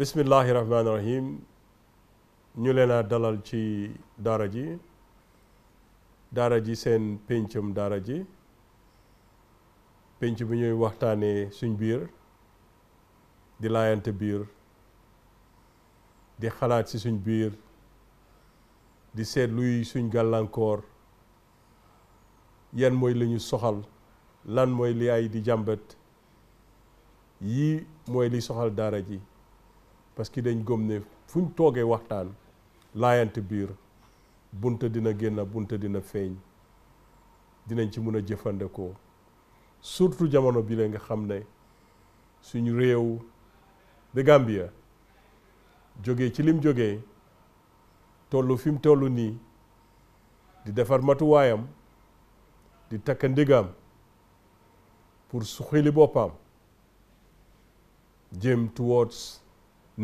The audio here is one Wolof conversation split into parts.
bismillahi rahmaani rahim ñu leen a dalal ci daara ji daara ji seen péncum daara ji pénc bi ñuy waxtaanee suñ biir di laayante biir di xalaat ci suñ biir di seet luy suñ gàllankoor yan mooy li soxal lan mooy li ay di jàmbat yii mooy li soxal daara ji parce que dañ gëm ne fu ñu toogee waxtaan laayante biir bunta dina génn bunta dina feeñ dinañ ci mun a jëfandikoo surtout jamono bi la nga xam ne suñu réew de Gambia jógee ci lim jógee tollu fi mu toll nii di defar matuwaayam di takk ndigam pour suxili boppam jëm towards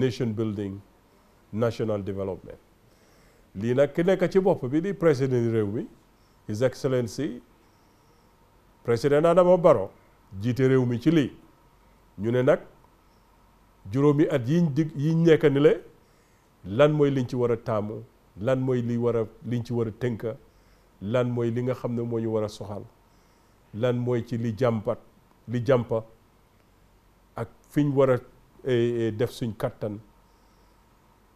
nation building national development lii nag ki nekk ci bopp bi di président réew mi His Excellency président Adama baro jiite réew mi ci lii ñu ne nag juróomi at yiñ dig yiñ nekk ni le lan mooy liñ ci war a taamu lan mooy li war a liñ ci war a tënka lan mooy li nga xam ne moo ñu war a soxal lan mooy ci li jàmpat li jàmpa ak fiñ war Eh, eh, def suñ kattan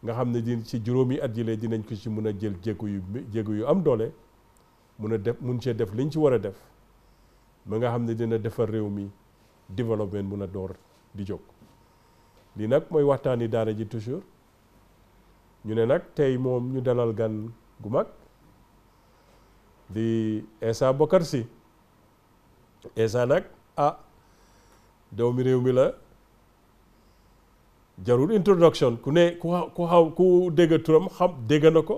nga xamne di ci juróomi at yi dinañ ko ci mëna jël jéego yu jéego yu am doole mëna def mën ci def liñ ci wara a def ba nga xamne dina defal réew mi développement mëna door di jog li nak moy waxtani daara ji toujours ñu né nak tay mom ñu dalal gan gu mag di esa bokarsi esa nak ah doomi réew mi la jarul introduction ku ne ku ku ku dégg turam xam dega nako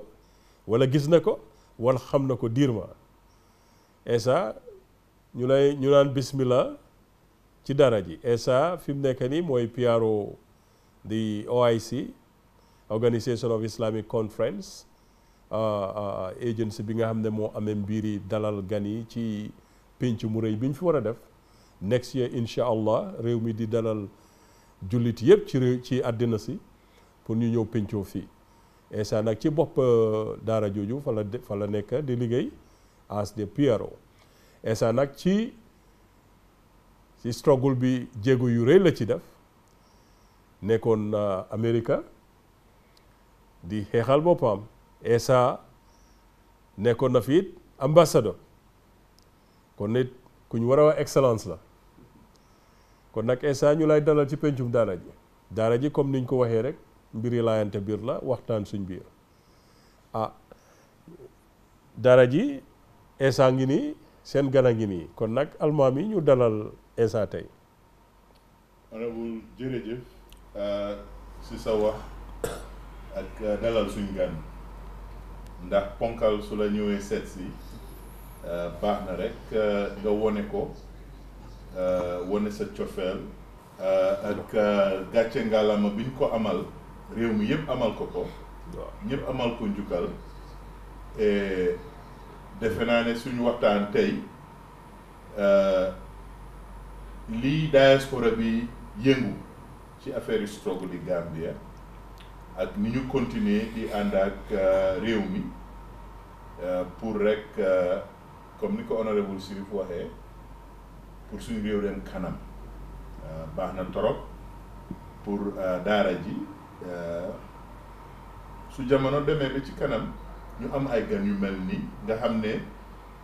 wala gis nako wala xam nako dirma Esa ñu lay ñu nan bismillah ci dara ji Esa fi mu nekk nii PRO di OIC Organization of Islamic Conference ah, ah, agency bi nga xamne mo amé mbiri dalal gani, ci pinch mu reuy biñ fi wara def next year inshallah allah di dalal. jullit yëpp ci réew ci àddina si pour ñu ñëw pencoo fii esa nag ci bopp euh, daara jooju fa la fa la nekk di liggéey as de PRO instant nag ci ci struggle bi jéego yu rëy la ci def nekkoon Amérique di xeexal boppam esa nekkoon na fi it ambassadeur kon nit ku ñu war a wax excellence la kon nak instant ñu lay dalal ci pencum dara ji dara ji comme niñ ko waxee rek mbiri layante bir la waxtaan suñ bir a dara ji instant ngi ni sen gana a ngi ni kon nak almami ñu dalal bu jere jef euh ci sa wax ak dalal suñ gan ndax ponkal su la set ci euh baax na rek nga woné ko Euh, wane sa cofeel euh, ak euh, gàcce ngalaama bi ñu ko amal réew mi yëpp amal ko ko ñëpp amal ko njukkal defe naa ne suñu waxtaan tey lii diaspora bi yëngu ci affaire yu struggle di Gambia ak ni ñu continuer di ànd ak réew mi pour rek comme ni ko honorable Sirif waxee pour suñu réew dem kanam euh, baax na torop pour euh, daara ji euh, su jamono demee ba ci kanam ñu am ay gan yu mel nii nga xam ne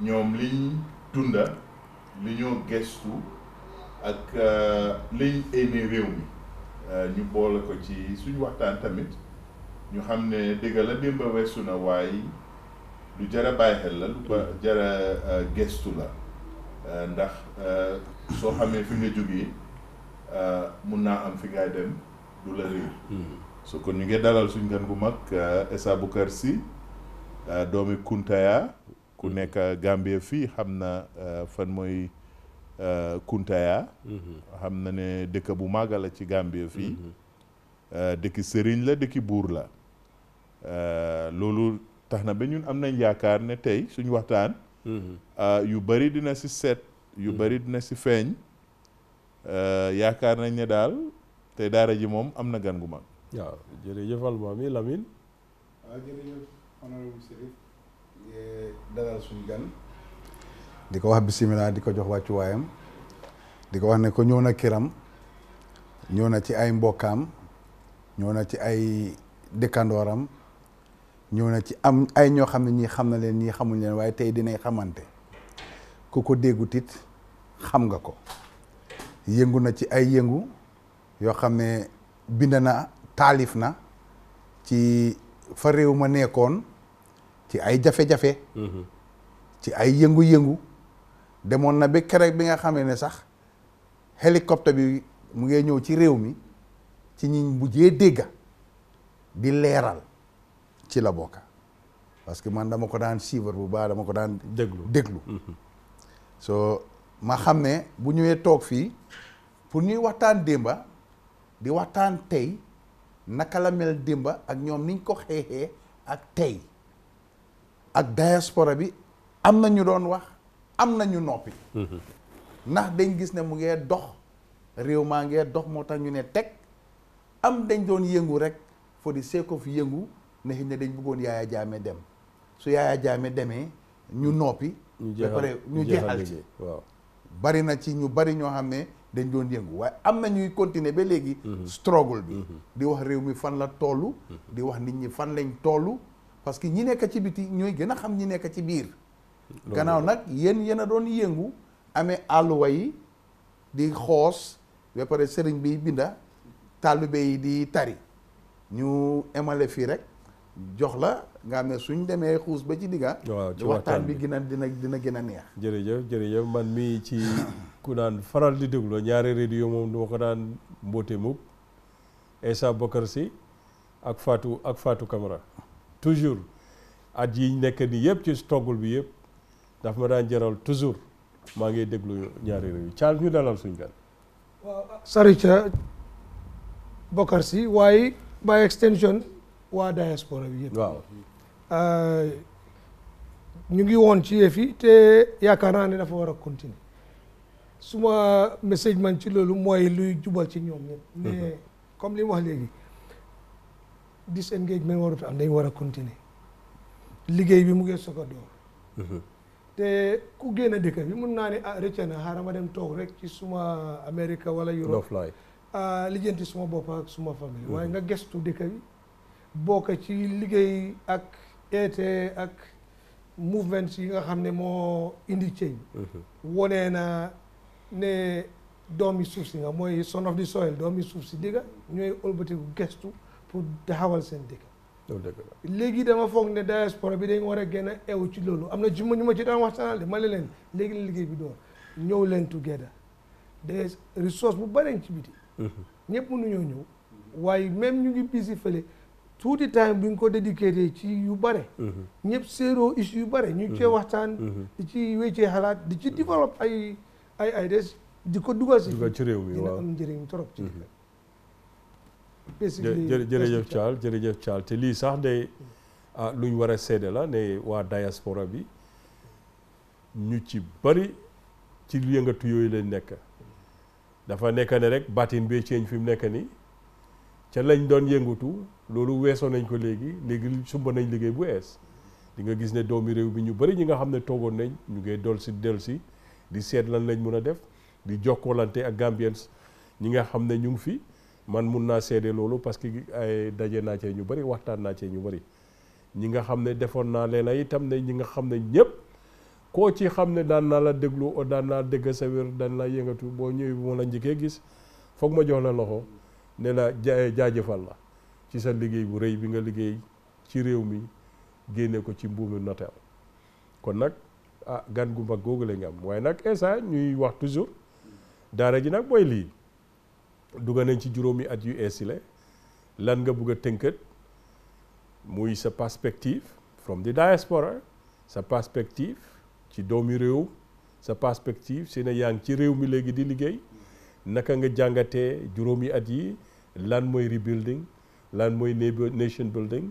ñoom liñ dunda li ñoo gestu ak liñ éene réew mi ñu boole ko ci suñ waxtaan tamit ñu xam ne dëgg la démb weesu na waaye lu jara bàyyi xel la lu jara gestu la Eh, ndax eh, so xamee fi nga jógee eh, mun am fi dem du la hmm. so kon ñu ngi dalal suñ gan gu mag Essa Boucar Sy doomi Kuntaya ku nekk Gambie fan moy Kuntaya hmm. xam na ne dëkk bu màgg la ci Gambie fii hmm. dëkki sëriñ la dëkki buur la loolu tax ba ñun am nañ ne tey suñ waxtaan Euh, yu bari dina si seet yu bari mm-hmm. dina si feeñ euh, yaakaar nañ ne daal te daara ji moom am na gan gu mag waaw jërëjëf almaami Lamine eh, di ko wax bisimilah di ko jox wàccuwaayam di ko wax ne ko ñëw na kiram ñëw na ci ay mbokkaam ñëw na ci ay dëkkandooram ñëw na ci am ay ñoo xam ne ñii xam na leen ñii xamuñ leen waaye tey dinay xamante ku ko déggut xam nga ko yëngu na ci ay yëngu yoo xam ne bind na taalif na ci fa réew ma nekkoon ci ay jafe mhm. ci ay yëngu-yëngu demoon na ba keroog bi nga xamee ne sax hélicoptère bi mu ngi ñëw ci réew mi ci ñi mujjee dégga di leeral ci la bokka parce que man dama ko daan suivre bu baax dama ko daan déglu déglu mhm. so ma xam bu ñëwee tok fi pour ñuy waxtaan demba di waxtaan tay naka la mel demba ak ñom niñ ko xeexee ak tay ak diaspora bi am na ñu doon wax am na ñu noppi mhm. ndax dañ gis ne mu ngi dox rew ma ngi dox ñu ne tek am dañ doon yëngu rek for the sake of yëngu ne na dañ bëggoon Yaya Jammeh dem su Yaya Jammeh demee ñu noppi. ba pare ñu jeexal ci waaw. bari na ci ñu bari ñoo xam ne dañ doon yëngu waaye am na ñuy continuer ba léegi. Mhm. struggle bi. Mhm. di wax réew mi fan la tollu. Mhm. di wax nit ñi fan lañ tollu. parce que ñi nekk ci biti ñooy gën a xam ñi nekk ci biir. gannaaw nag yéen yéen a doon yëngu amee àlluwa yi di xoos ba pare sëriñ bi binda taalibe yi di tari ñu emale fii rek. jox la nga xam suñ demee xuus ba ci digga waaw ci waxtaan bi gën a dina gën a neex jërëjëf jërëjëf man mii ci ku daan faral di déglu ñaari radio moom duma ko daan mboote mukk Essa Bokar si ak Fatou ak Fatou Camara toujours at yi nekk nii yëpp ci toggul bi yëpp daf ma daan jaral toujours maa ngi déglu ñaari radio Charles ñu dalal suñ gan sari ca Bokar si waaye by extension waa diaspora bi yëpp waaw euh, ñu ngi woon ci yëf te yaakaar naa ne dafa war a continuer suma message man ci loolu mooy luy jubal ci ñoom ñëpp mhm. mais comme li mu wax léegi disengagement warut am dañ war a continuer liggéey bi mu ngi soog a door mhm. te ku génn dëkk bi mun naa ni ah rëcc na xaaral ma dem toog rek ci suma Amérique wala Europe ah, lijjanti suma bopp ak suma famille mhm. waaye nga gestu dëkk bi bokk ci liggéey ak été e ak mouvement yi nga xam ne moo indi change mhm. wonee na ne doomi suuf si nga mooy son of the soil doomi suuf si dëgga ñooy ëlbatiku gestu pour taxawal seen oh, dëkk léegi dama foog ne diaspora bi dañ war a gën a ci loolu am na ci ñu ma ci daan waxtaanal de ma ne leen léegi la liggéey bi door ñëw leen together des ressources bu bari ci biti mhm. ñëpp mënuñoo ñëw waaye même ñu ngi busy fële tuuti time bi nga ko dédicaté ci yu bare mhm. ñëpp séeroo issue yu bare ñu cee mhm. waxtaan mhm. di ci wéccee xalaat di ci développe ay ay ay di ko dugal si ci réew mi waaw dina am njëriñ trop ci jërëjëf Thial jërëjëf te lii sax day ah, luñ war a seede la ne waa diaspora bi ñu ci bari ci yëngatu yooyu lañ nekk dafa nekk ne rek baatin bee ceeñ fi mu nekk nii ca lañ doon yëngatu loolu weesoo nañ ko léegi léegi sumba nañ liggéey bu ees di nga gis ne doomi réew bi ñu bëri ñi nga xam ne toogoon nañ ñu ngay si del si di seet lan lañ mun a def di jokkoolante ak Gambiens ñi nga xam ne ñu ngi fi man mun naa seede loolu parce que ay daje naa cee ñu bëri waxtaan naa cee ñu bëri ñi nga xam ne defoon naa leen a itam ne ñi nga xam ne ñëpp koo ci xam ne daan naa la déglu o daan naa dégg sa wér daan naa yëngatu boo ñëwee bu ma la njëkkee gis foog ma jox la loxo ne la jaajëfal la ci sa liggéey bu réy bi nga liggéey ci réew mi génne ko ci mbuumu noteel kon nag ah gan gu mag googu la nga am waaye nag esa ñuy wax toujours daara ji nag mooy lii dugga ci juróomi at yu eesile lan nga bugg a tënkat muy sa perspective from the diaspora sa perspective ci doomi réew sa perspective si ne yaa ci réew mi léegi di liggéey naka nga jàngatee juróomi at yi lan mooy rebuilding lan moy nation building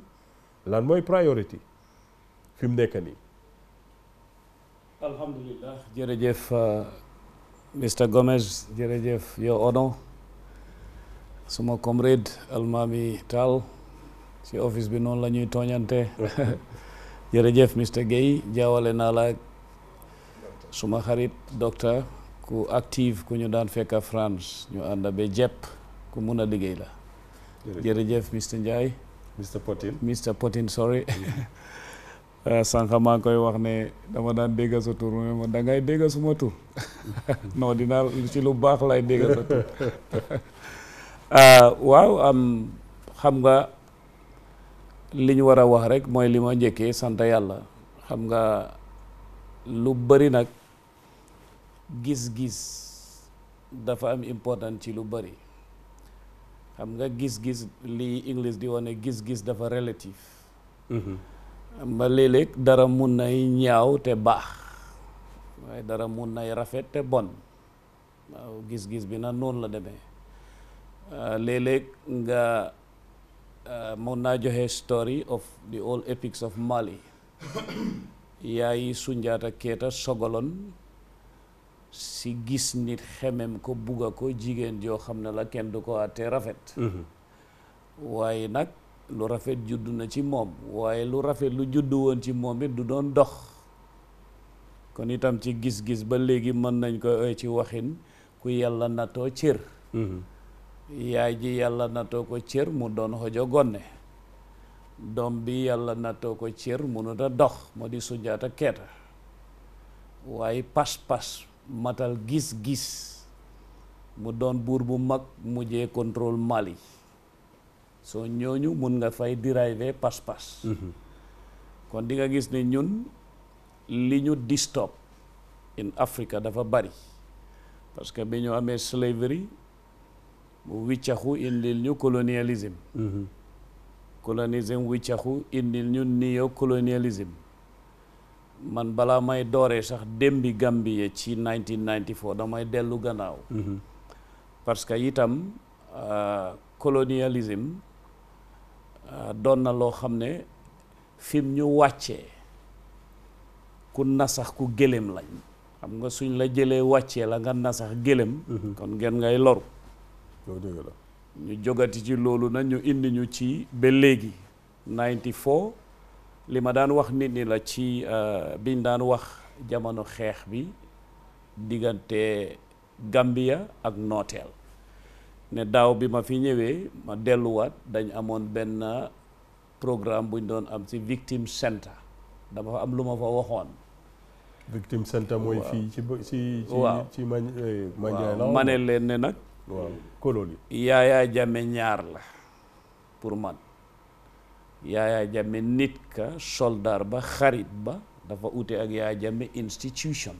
lan moy priority fi mu nekk nii. alhamdulilah uh, Mr Gomez jërëjëf your odon suma comrade Almami Tal, ci office bi non lañuy toñante tooñante Mr Gay, jawale na la suma xarit docteur ku active ku ñu daan fekk France ñu anda be jep ku mëna a liggéey la. Jeff, Mr Jai, Mr Potin Mr Potin sorry. Sangka ma ngi koy wax ne dama dan dega sa tur ma da ngay dega suma tur No dinaa ci eh, lu baax lay dega sa tur waaw am xam nga li ñu war a wax rek mooy li ma njëkkee xam nga lu gis-gis dafa am important ci lu xam nga gis-gis li English di wane gis-gis dafa relative ma mhm. léeg-léeg dara mun nay ñaaw te baax waaye dara mun nay rafet te bon waaw gis-gis bi na noon la demee euh, léeg-léeg nga euh, mun naa joxe story of the old epics of Mali yaayi Sunjata Keita sogolon si gis nit xemem ko bugga ko jigéen joo xam ne la kenn du ko àttee rafet mhm. waaye nag lu rafet juddu na ci moom waaye lu rafet lu juddu woon ci moom it du doon dox kon itam ci gis-gis ba léegi mën nañ ko ci waxin ku yàlla nattoo cër mhm. yaay ji yàlla nattoo ko cër mu doon xojo gonne doom bi yàlla nattoo ko cër munut a dox moo di Sunjaata Keeta waaye pas-pas matal gis-gis mu doon buur bu mag mujjee contrôle Mali soo ñooñu mun nga fay dériver pas-pas mhm. kon dinga gis ni ñun li ñu distop in Africa dafa bari parce que bi ñu amee slavery mu wiccaxu indil ñu colonialisme mhm. colonialisme wiccaxu indil ñu néocolonialisme man balaa may dooree sax démbi Gambie ci 1994 damay dellu gannaaw. Mhm. parce que itam euh, colonialisme euh, doon na loo xam ne fim ñu wàccee ku nasax ku gëléem lañ xam nga suñ la jëlee wàccee la nga nasax gëlem. Mhm. kon ngeen ngay loru. ñu jogati ci loolu nag ñu indi ñu ci ba léegi li ma daan wax nit ñi la ci euh, biñ daan wax jamono xeex bi diggante Gambia ak nooteel ne daaw bi ma fi ñëwee ma delluwaat dañ amoon benn programme buñ doon am ci victime center dama am lu ma fa waxoon victime center mooy fii ci ci eh, ma ne leen ne nag yaayaa jame ñaar la pour man yaaya jàmme nit ka soldaar ba xarit ba dafa ute ak yaaya jàmme institution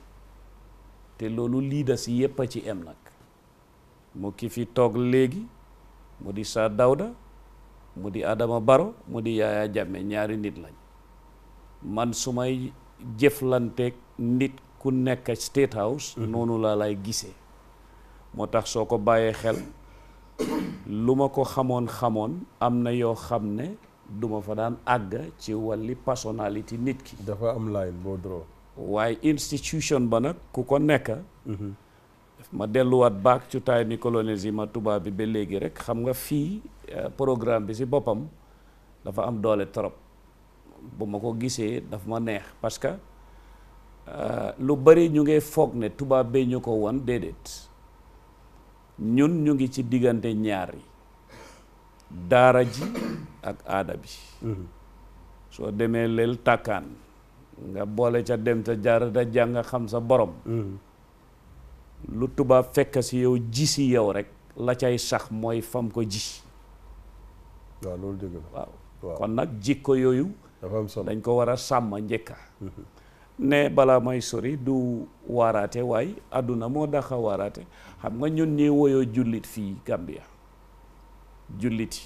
te loolu leaders yi yépp a ci em nag mu ki fi toog léegi mu di Sir Dawda mu di Adama Barrow mu di yaaya jàmme ñaari nit lañ man su may jëflanteeg nit ku nekk State House mhm. noonu laa lay gisee moo tax soo ko bàyyee xel lu ma ko xamoon xamoon am na yoo xam ne duma fa daan àgg ci wàlli personnalité nit ki dafa am line boo draw waaye institution ba nag ku ko nekk mhm. ma delluwaat baak ci taay ni colonisme ma tubaab bi ba léegi rek xam nga fii euh, programme bi si boppam dafa am doole trop bu ma ko gisee daf ma neex parce que euh, lu bari ñu ngi foog ne tubaab bee ñu ko won déedéet ñun ñu ngi ci diggante ñaar yi dara ji ak aada bi mhm. soo lel takan tàkkaan nga bolé ca dem ta jar da jàng xam sa borom mhm. lu tuba fekk ci yow ji yow rek la cay sax moy fam ko ji wa lol deug la waaw kon nak jikko yoyu dañ ko wara sam mhm. ne bala moy sori du warate way aduna mo da xawarate xam nga ñun ñi woyo julit fi Gambia julliti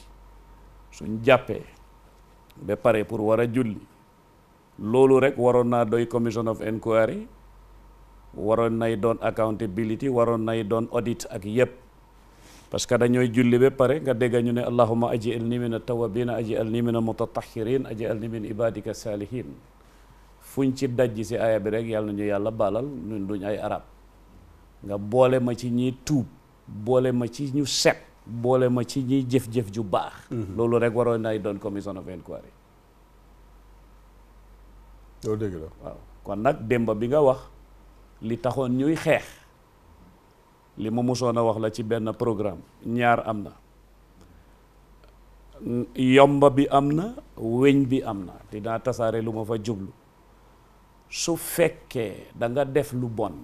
suñ jàppee be pare pour wara julli rek waron na doy commission of inquiry waron nay don accountability waron nay don audit ak yep parce que dañoy julli be pare nga dégg ñu ne Allahumma aji min at aji alni min mutatahhirin aji min ibadika salihin fuñ ci dajji ci aya bi rek yalla ñu yalla balal ñun duñ ay arab nga boole ma ci ñi tuub boole ma ci ñu set boole ma ci ñi jëf-jëf ju baax mhm. loolu rek waro nay doon commission of inquiry do dëgg la waaw kon nak demba bi nga wax li taxone ñuy xex li ma mosoon a wax la ci ben programme ñaar amna yomba bi amna weñ bi am na dinaa tasaare lu ma fa jublu su fekke da nga def lu bon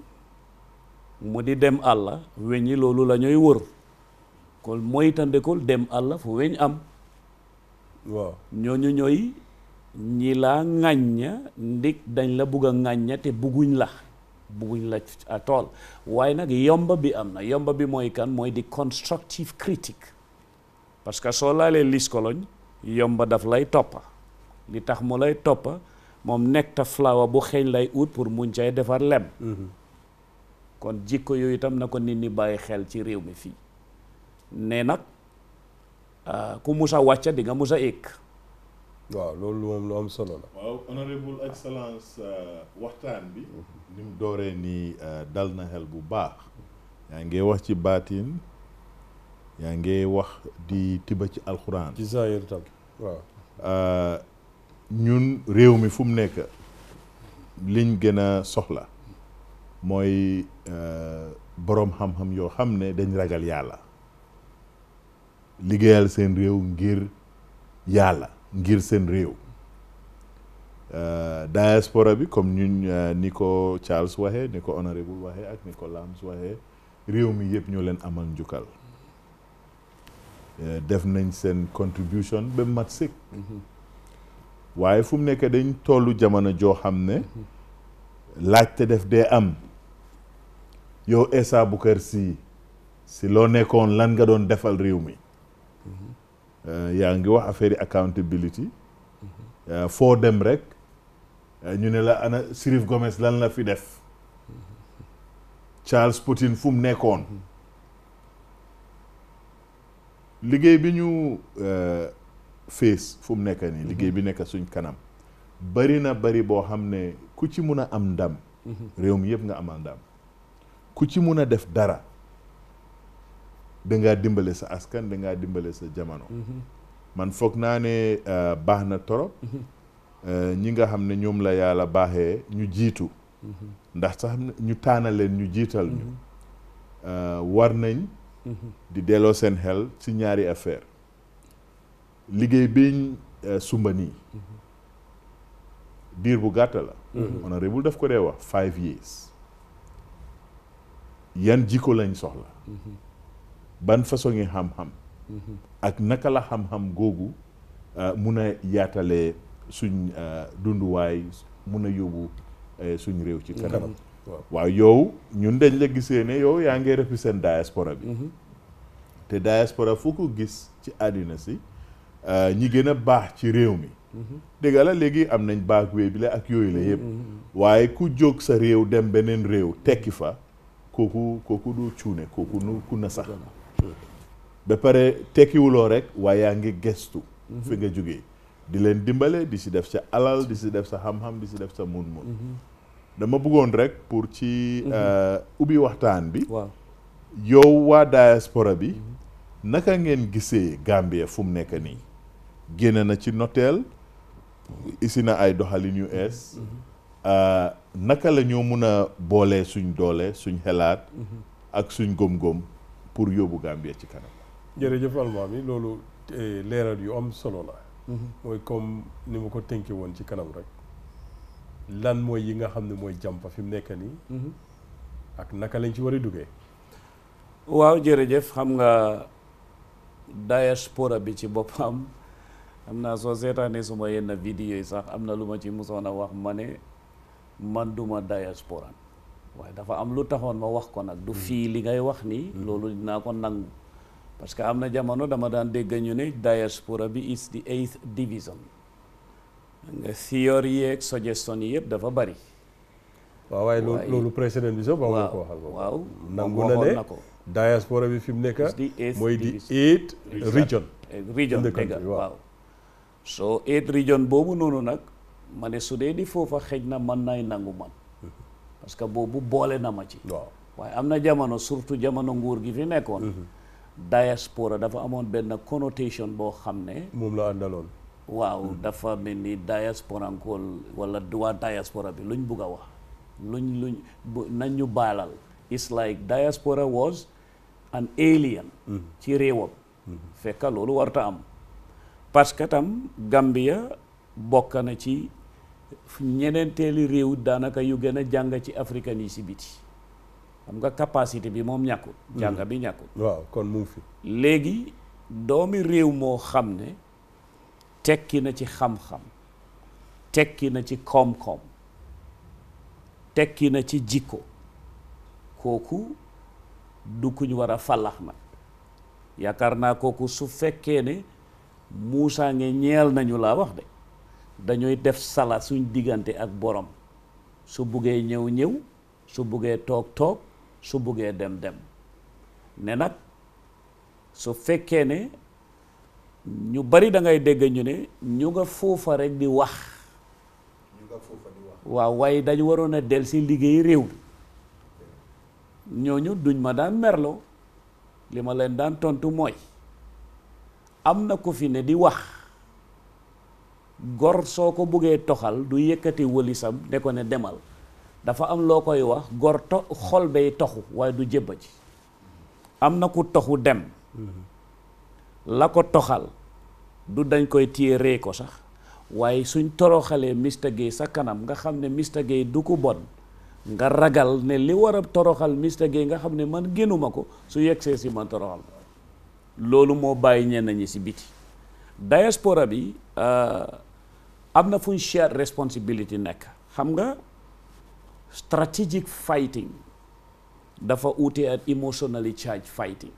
mu di dem àlla weñi loolu la ñoy wër kol kon kol dem Allah fu weñ am ñoo ñoo ñoy ñi la ŋàñña ndik dañ la bugg a te bugguñ la bugguñ la à tool waaye yomba bi am yomba bi moy kan moy di constructive critique parce que la laalee lis koloñ yomba daf lay toppa li tax mo lay toppa moom nekta flower bu xeeñ lay ut pour muñ cay defar lem mhm. kon jikko yoy itam nako nit ni baye xel ci rew mi fi ne nag ah, ku mus a wàcc di nga mus a éeg waaw loolu lu am solo la waaw honorable excellence ah, waxtaan bi ni dooree nii ah, dal na xel bu baax yaa ngi wax ci baatin yaa ngi wax di tiba ci alxuraan ci zaahir tam waaw ñun réew mi fu mu nekk liñ gën a soxla mooy boroom xam-xam yoo xam ne dañ ragal yàlla liggéeyal seen réew ngir yàlla ngir seen réew euh, diaspora bi comme ñu euh, ni ko Charles waxee ni ko honorable waxee ak niko ko Lams waxee réew mi yëpp ñoo leen amal njukkal euh, def nañ seen contribution ba mat sëkk mhm. waaye fu mu nekk dañ tollu jamono joo xam ne mhm. laajte def dee am yow Essa Bouker Sy si loo nekkoon lan nga doon defal réew mi Euh, yaa ngi wax affaire yi accountability mhm. euh, foo dem rek euh, ñu ne la ana Sirif Gomez lan la fi def mhm. Charles Putin fu mu nekkoon mhm. liggéey bi ñu face fu nekk nii liggéey bi nekk suñ kanam bari na bari boo xam ne ku ci mun a am ndam réew mi yëpp nga amal ndam ku ci mun a def dara dangaa dimbale sa askan dangaa dimbale sa jamono. man foog naa ne euh, baax na torop euh, ñi nga xam ne ñoom la yàlla baaxee ñu jiitu ndax sax ñu taana leen ñu jiital ñu euh, war nañ di delloo seen xel ci ñaari affaire liggéey biñ sumba nii diir bu gàtt la honorable daf ko dee wax five years yan jikko lañ soxla ban façon yi xam-xam ak naka la xam-xam googu euh, mun a yaatalee suñ euh, dunduwaay mun a yóbbu euh, suñ réew ci kanam waa yow ñun dañ la gisee ne yow yaa ngi represent diaspora bi mm-hmm. te diaspora foo ko gis ci àddina si ñi gën a baax ci réew mi mm-hmm. dëgg la léegi am nañ baak wee bi la ak yooyu la yëpp mm-hmm. waaye ku jóg sa réew dem beneen réew tekki fa kooku kooku du cuune kooku nu ku na sax ba teki tekkiwuloo rek wayangi gestu mhm. fi nga di dimbale di def alal di hamham def sa ham xam di si def sa mun-mun mhm. dama bëggoon rek pour ci mhm. euh, ubbi waxtaan bi yow diaspora bi naka ngeen gisee Gambia fu mu nekk nii génn na ci ay euh, naka la ñoo mun a suñ ak suñ gom-gom pour yóbbu Gambia ci kanam. jërëjëf almaam yi loolu eh, leeral yu am solo la. Mhm. mooy comme ni ma ko tenki woon ci kanam rek. lan mooy yi nga xam ne mooy fim fi mhm. ak naka lañ ci wari a duggee. waaw jërëjëf xam nga diaspora bi ci bopam am naa soo suma yenn vidéo yi sax am na lu ma ci musona a wax ma ne man duma diasporan waaye dafa am lu taxoon ma wax ko nag du hmm. fii li ngay wax nii hmm. loolu dinaa ko nangu parce que am na jamono dama daan dégg ñu ne diaspora bi is the eighth division nga theory yeeg suggestion yi yëpp dafa bari waaw waaye loolu loolu président bi sax ba nga ko waxal moom waaw nangu na ne bi fi mu nekk mooy di eight region region dëgg waaw so boobu noonu nag ma ne su dee di foofa xëj na mën nay nangu man parce que boobu boole na ma ci waaw waaye am na jamono surtout jamono nguur gi fi nekkoon mhm. diaspora dafa amoon benn connotation boo xam ne moom la àndaloon waaw mhm. dafa mel ni diaspora nkool wala waa diaspora bi luñ bugg a wax luñ luñ nañ ñu baalal it's like diaspora was an alien mhm. ci réewam fekka loolu warta am parce que tam Gambia bokk na ci ñeneenteeli réew daanaka yu gën a jàng ci africain yi si biti xam nga capacité bi moom ñàkkul mm. jàng bi ñàkkul waaw kon mu ngi fi léegi doomi réew moo xam ne tekki na ci xam-xam tekki na ci koom-koom tekki na ci jikko kooku du kuñ war a falax nag yaakaar naa kooku su fekkee ne muusaa nge ñeel nañu laa wax de dañuy def sala suñ digante ak borom su buggee ñew ñew su buggee tok tok su dem dem né so su fekkee né ñu bari da ngay dégg ñu né ñu nga fofa rek di wax wa way dañu warona del ci liggéey réew ñoñu duñ ma daan merlo lima len tontu moy am ko fi né di wax gor soko ko buggee toxal du yëkkati wëlisam ne ko ne demal dafa am lo koy wax gor to xol bay toxu way du jébba ci am na ku toxu dem la ko toxal du dañ koy téye ko sax way suñ toroxalee Mr Gay sa kanam nga xam Mr Gay du ko bon nga ragal ne li wara toroxal Mr Gay nga man génnuma ko su yegsee ci man toroxal lolu mo bàyyi ñen ñi ci biti diaspora bi euh, am na fu ñu shared nekk xam nga strategic fighting dafa uute ak emotionally charged fighting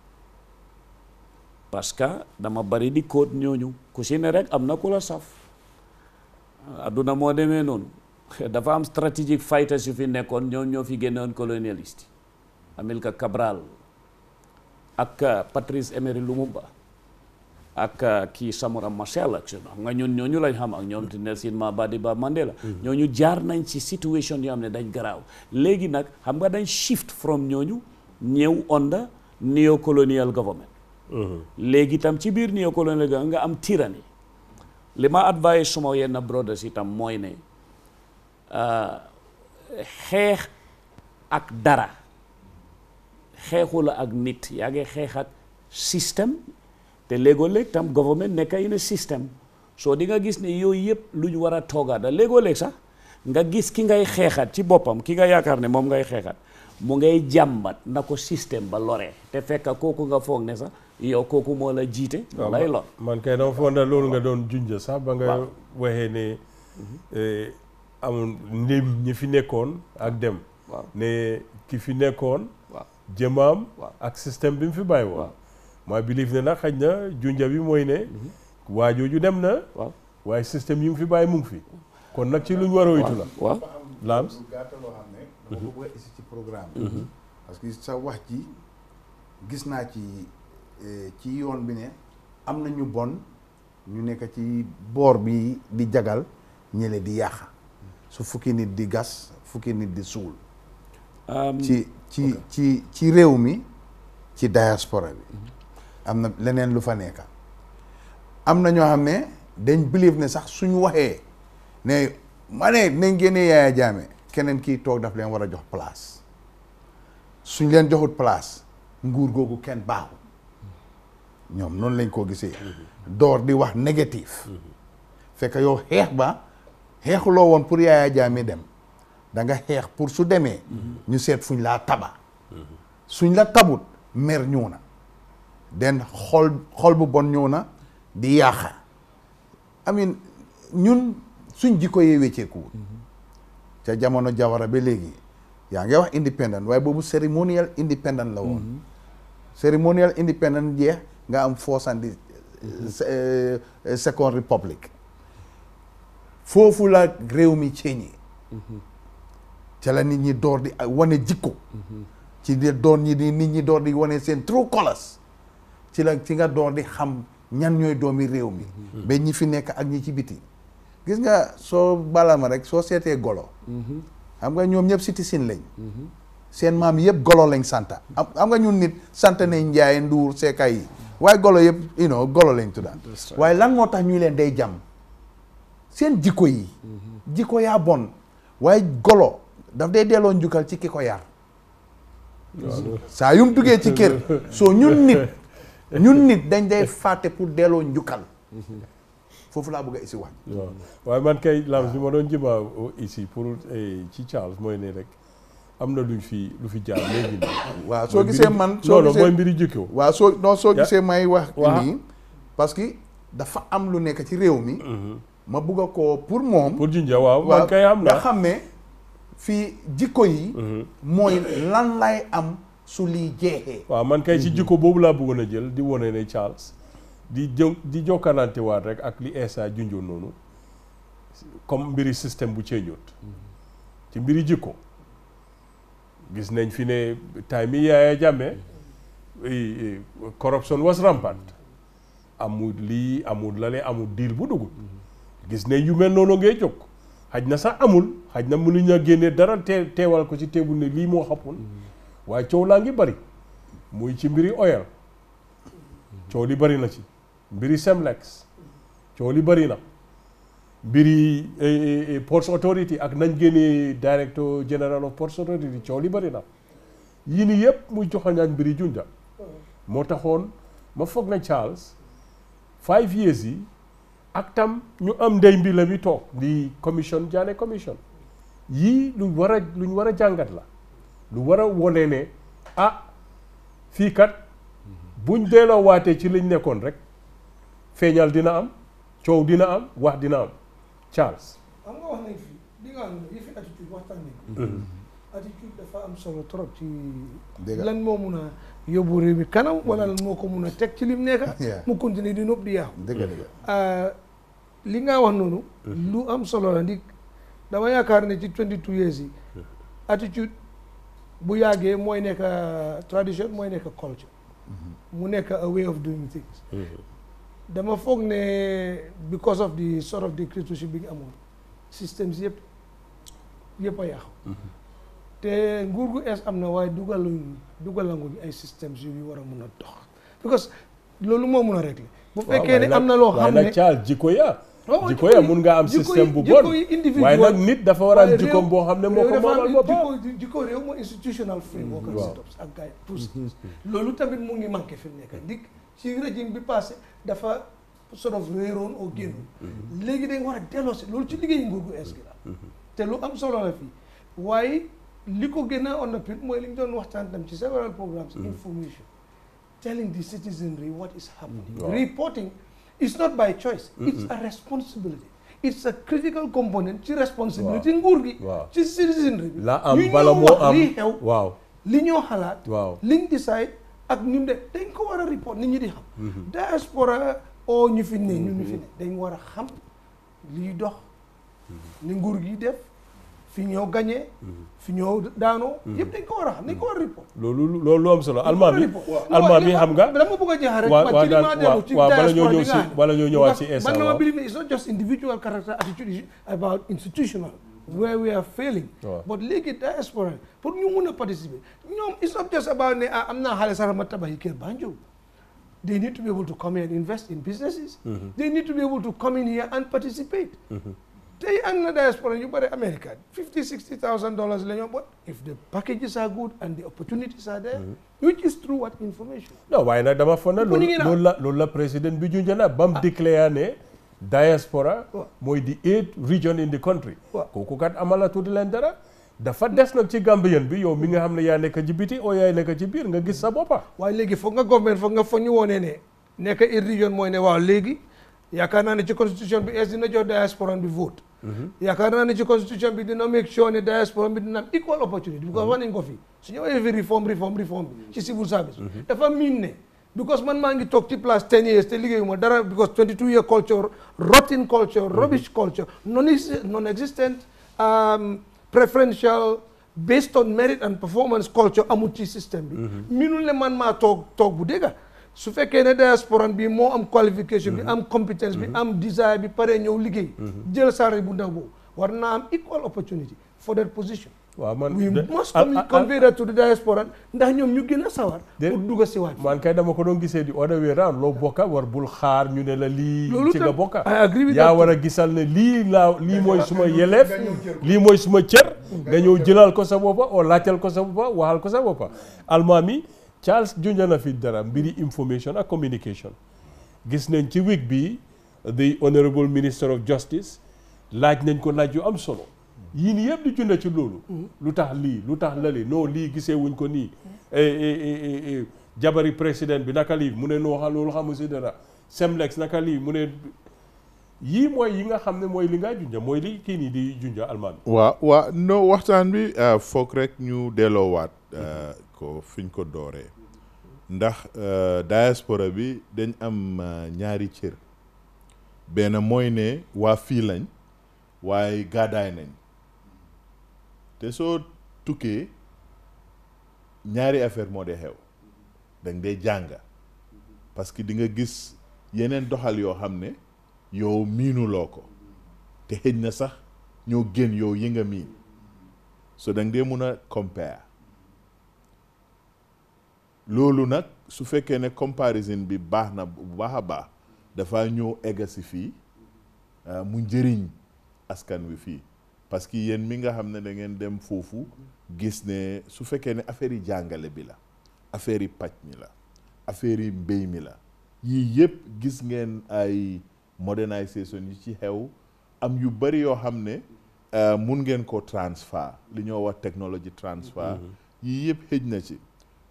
parce que dama bari di code ñooñu ku si ne rek am na ku la saf adduna moo demee noonu dafa am strategic fighters yu fi nekkoon ñoo ñoo fi génnoon colonialiste Amilcar Cabral ak euh, Patrice Emery Lumumba ak ki Samora marcel ak nga ñun ñu lañ xam ak ñoom Nelson ba Mandela ñu jaar nañ ci situation yo xam dañ graw nak nak xam nga dañ shift from ñooñu new onda neo colonial government legi tam ci bir neo colonial government nga am tyranny lima ma advice suma na brothers itam moyne. ne ah, xex ak dara xeexu la ak nit ya nga ak te léegoo-léeg tam government nekk in a system soo di nga gis ne yooyu yëpp lu ñu war a toogaat da léegoo-léeg sax nga gis ki ngay xeexat ci boppam ki nga yaakaar ne moom ngay xeexat mu ngay jàmbat na ko système ba loree te fekk kooku nga foog ne sax yow kooku moo la jiite ah, lay lor man kay dama foog ne loolu nga doon junja sax ba nga waxee ne mhm. eh, amul ndim ñi fi nekkoon ak dem ne ki fi nekkoon jëmaam ak système bi mu fi bàyyi woon waa bi liif ne na xaj na junja bi mooy ne mhm. waa jooju dem na waaye système yi mu fi bàyyi mu fi kon nag ci luñ war a witu la waaw mhm. ci programme mhm. parce sa wax ji gis naa ci eh, ci yoon bi ne am na ñu bon ñu nekk ci boor bi di jagal ñële di yàq su fukki nit di gas fukki nit di suul ci ci ci ci réew mi ci diaspora bi am na leneen lu fa nekk am na ñoo xam ne dañ believe ne sax suñu waxee ne ma nañ génnee Yaya Jammeh keneen kii toog daf leen war a jox place suñ leen joxut place nguur googu kenn baaxul ñoom noonu lañ koo gisee door di wax négatif fekk yow xeex ba xeexuloo woon pour Yaya Jammeh dem da nga xeex pour su demee mhm. ñu seet fuñ laa taba suñ la tabut mer ñëw na den xol xol bu bon ñëw na di yaaxa amin ñun suñ jikko yee wecceekuwul mm-hmm. ca jamono jawara ba léegi yaa ngi wax independent waaye boobu ceremonial independent la woon mm-hmm. ceremonial independent jeex nga am force and mm-hmm. eh, second republic foofu la réew mi ceeñi ca la nit ñi door di wane jikko ci doon ñi di nit ñi door di wane seen true colors ci la ci nga door di xam ñan ñooy doomi réew mi mm-hmm. ba ñi fi nekk ak ñi ci biti gis nga soo bala ma rek soo seetee golo mm-hmm. am nga ñoom ñëpp siti sin lañ mm-hmm. seen maam yëpp golo lañ santa am nga ñun nit santa ne njaay nduur seeka yi waaye golo yëpp golo lañ tuddaan waaye lan moo tax ñu leen day jàmm seen jikko yi jikko yaa bon waaye golo daf day delloo njukkal ci ki ko yar saa yum duggee ci kër soo ñun nit ñun nit dañ day fàtte pour delloo njukkal. foofu laa bëgg a isiwaat. waaye man kay laaj bi ma doon jëma ici pour eh, ci Charles mooy ne rek am na luñ fi lu fi jaar léegi nii. waaw soo gisee man soo gisee mooy mbiri jikko. waaw may wax. nii parce que dafa am lu nekk ci réew mi. Mhm. ma bëgg a koo pour moom. pour junja waaw man kay am na nga xam ne fii jikko yi. Mhm. mooy lan lay am. su lii jeexee. waaw man kay ci mhm. jikko boobu laa bëggoon a jël di wone ne Charles di jë di jokkalante waat rek ak li Essa junjoon noonu comme mbiri système bu ceeñoot mhm. ci mbiri jikko gis nañ fi ne time yi Yaya Jammeh corruption was rampant amul lii amul lale amul diil bu dugub mhm. gis ne yu mel noonu ngay jóg xaj na sax amul xaj na mënuñ a génnee dara te teewal ko ci teebul ne lii moo xapoon waye ciow la ngi bari muy ci mbiri oil ciow li bari na ci mbiri Semlex ciow li bari na mbiri eh, eh, eh, Ports Authority ak nañ gene director general of Ports Authority ciow li bari na yini yep muy muy joxañaak mbiri junja mo taxone ma fogg na Charles five years yi ak tam ñu am ndey mbi la bi tok di commission jaane commission yi luñ wara a luñ wara jangat la lu war a wone ne ah fii kat buñ delloo waatee ci liñ nekkoon rek feeñal dina am coow dina am wax dina am Charles. am nga wax nañ fi li nga mhm. dafa am solo trop ci. lan moo mun a yóbbu réew mi kanam mhm. wala lan moo ko mun a teg ci lim nekk. mu continuer di nopp di yaaxu. Ah, li nga wax noonu. Mhm. lu am solo la ndi dama yaakaar ne ci 22 years yi attitude. bu yàggee mooy nekk euh, tradition mooy nekk culture mm-hmm. mu nekk a way of doing things mm-hmm. dama foog ne because of the sort of dictatorship bi ñu amoon systèmes yëpp yëpp a yàqu mm-hmm. te nguur gu es am na waaye dugaluñ dugalanguñ ay systèmes yu war a mun a dox because loolu moo mun a régler bu fekkee ne am na loo xam ne waaye nag caal jikko ya Oh, jikko yi mun ngaa am système bu bon waaye nag nit dafa war a am jikkoom boo xam ne moo ko moomal boppam jikko réew mooy institutional framework ak setups ak gars tous mhm. loolu tamit mu ngi manqué fi mu nekk ndik mhm. ci régime bi passé dafa sort of réeroon oo génnoon mhm. léegi dañ war a delloosi loolu ci liggéey nguur gu ees gi la te lu am solo la fii waaye li ko gën a underpin mooy li ñu doon waxtaan tam ci several programmes information telling the citizenry what is happening reporting it's not by choice it's a responsibility it's a critical component ci responsibility nguur gi ci citizenry bi la am bala moo am lii xew li ñoo xalaat waaw liñ decide ak ñu de dañ ko war a report nit ñi di xam mm-hmm. diaspora oo ñu fi ne ñu ñu fi ne mm-hmm. dañ war a xam liy dox ni nguur gi def fi ñoo gagné. Mm-hmm. fi ñoo daanoo. Mm-hmm. yëpp dañ ko war a xam dañ ko war a ripo. loolu loolu lu am solo almaa bi. almaa bi xam nga. dama bëgg a jeexal rek. waaw waaw waaw bala ñoo ñëw si bala ñoo ñëwaat si instant. man dama believe it's not just individual character attitude institutional. where we are failing. but léegi diaspora pour ñu mun a participer ñoom it's ne ah, am naa xaalis sax ma tabax yi kër Banjul. they need to be able to come tey am the diaspora you buy America fifty sixty thousand dollars la ñu if the packages are good and the opportunities are there. Mm-hmm. which is through what information. No, why? nag dama foog Lola, Lola la loolu la ah. declare bi ne. diaspora. mooy the eight region in the country. kooku kat amala tuuti leen dara. dafa des nag ci Gambien bi yow mi nga xam ne yaa nekk ci biti oo yaay nekk ci biir nga gis sa boppa waaye legi foog nga government foog nga foog ñu woonee ne eight region mooy ne waaw legi yakana ne ci constitution bi es dina diaspora bi vote. yaakaar naa ne ci constitution bi dina make sure ne diaspora bi dina am equal opportunity because wax mm-hmm. nañ ko fi su ñëwee fi réforme réforme réforme mm-hmm. bi ci service dafa mm-hmm. miin ne because man maa ngi toog ci place ten years te liggéeyuma dara because twenty two year culture rotten culture rubbish culture non non existent um, preferential based on merit and performance culture amul ci système bi minul ne man maa toog toog bu dégga su fekkee ne diaspora bi moo am qualification bi mhm. am compétence bi mhm. am desire bi paree ñëw liggéey mhm. jël saare bu ndaw boobu war naa am equal opportunity for that position waaw man we must convey that to the diaspora ndax ñoom ñu gën a sawar pour dugg si waat man kay dama ko doon gisee di other way round loo bokka war bul xaar ñu ne la lii ci nga bokka yaa war a gisal ne lii laa lii mooy suma yeleef lii mooy suma cër nga ñëw jëlal ko sa boppa oo laajal ko sa boppa waxal ko sa boppa almaami Charles junja na fi dara mbiri information ak communication gis nañ ci week bi the honorable minister of justice laaj nañ ko naaj yu am solo yii nii yëpp di junne ci loolu mm-hmm. lu tax lii lu tax lali non lii gisee wuñ ko nii mm-hmm. eh, eh, eh, jabari président bi naka lii mu ne noo loolu xamu si dara semlex naka lii mu ne yii mooy yi nga xam ne mooy li nga junja mooy li kii nii di junja almaan waaw waaw non waxtaan bi euh, foog rek ñu delloowaat euh, ko fiñ ko dooree ndax euh, diaspora bi dañ am ñaari cër benn mooy ne waa fii lañ waaye gàddaay nañ te soo tukkee ñaari affaire moo dee xew dañ dee jànga parce que di gis yeneen doxal yoo xam ne yow miinuloo ko te xëj na sax ñoo gën yow yi nga miin so danga dee mun a compare loolu nag su fekkee ne comparison bi baax na bu baax a baax dafa ñëw egga si fii ah, mu njëriñ askan wi fii parce que yéen mi nga xam ne dangeen dem foofu gis ne su fekkee ne affaire yi jàngale bi la affaire yi paj mi la affaire yi mbéy mi la yii yëpp gis ngeen ay modernisation yu ci xew am yu bëri yoo xam ne euh, mun ngeen ko transfer li ñoo wax technology transfer mm-hmm. yii yëpp xëj na ci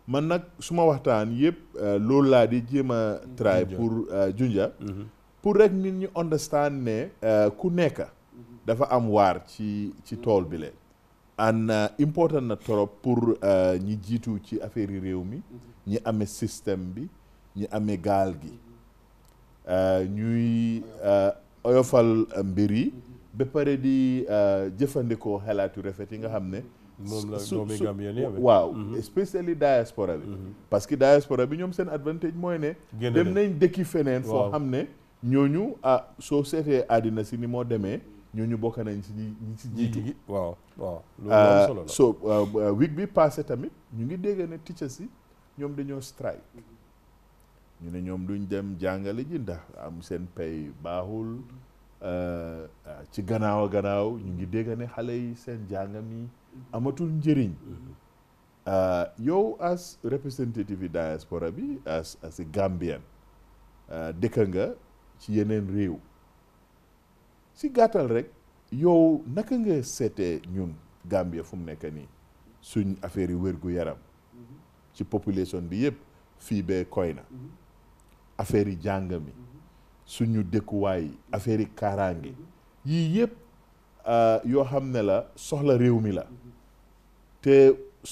man nag suma waxtaan yëpp euh, loolu laa di jéem a try pour euh, junja mm-hmm. pour rek nit ñi understand ne ku nekk mm-hmm. dafa am waar ci ci tool bi le an important na trop pour ñi jiitu ci affaire yi réew mi ñi amee système bi ñi amee gaal gi Euh, ñuy euh, oyofal mbir yi ba pare di euh, jëfandikoo xalaat yu rafet yi nga xam ne moom la doomi Gambien yi waaw especially mhm. diaspora bi mhm. parce que diaspora bi ñoom seen advantage mooy ne dem nañ dëkki feneen foo xam ne ñooñu ah soo seetee àddina si ni moo demee ñu bokk nañ si ñi si jiitu waaw waaw loolu solo so week bi passé tamit ñu ngi dégg ne teachers yi ñoom dañoo strike ñu ne ñoom duñ dem jàngale ji ndax am seen pay baaxul euh, ah, ci gannaaw gannaaw ñu ngi dégg ne xale yi seen jàngam yi amatul njëriñ mm-hmm. euh, yow as representative yi diaspora bi as as Gambien euh, dëkk nga ci yeneen réew si gàttal rek yow naka nga seete ñun Gambia fu mu nekk nii suñ affaire yi wér gu yaram mm-hmm. ci population bi yëpp fii bee koy mm-hmm. affaire yi jàng mi suñu dëkkuwaay yi affaire kaaraange yii yëpp euh, yoo xam ne la soxla réew mi la te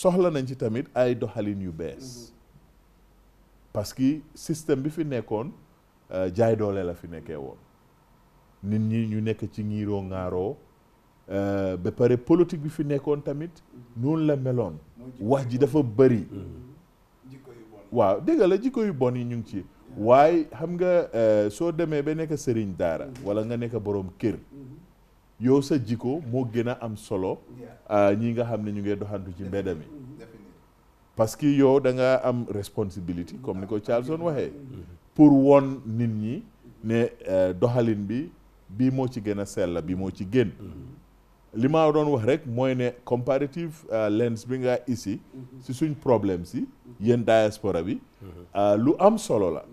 soxla nañ ci tamit ay doxalin yu bees parce que système bi fi nekkoon euh, jaay doole la fi nekkee woon nit ñi ñu nekk ci ñiiroo ŋaaroo euh, ba pare politique bi fi nekkoon tamit noonu la meloon wax ji dafa bari waaw dégg la jikko yu bon yi ñu ngi ci waaye xam nga euh, soo demee ba nekk sëriñ daara mm-hmm. wala nga nekk borom kër mm-hmm. yow sa jikko moo gën a am solo euh, ñi nga xam ne ñu ngi doxantu ci mbedd mi mm-hmm. parce que yow da nga am responsibility comme ni ko Charlson waxee pour woon nit ñi ne euh, doxalin bi bii moo ci gën a sell bi moo ci gën li ma doon wax rek mooy ne comparative lens bi nga isi si suñ problème si yéen diaspora bi lu am solo la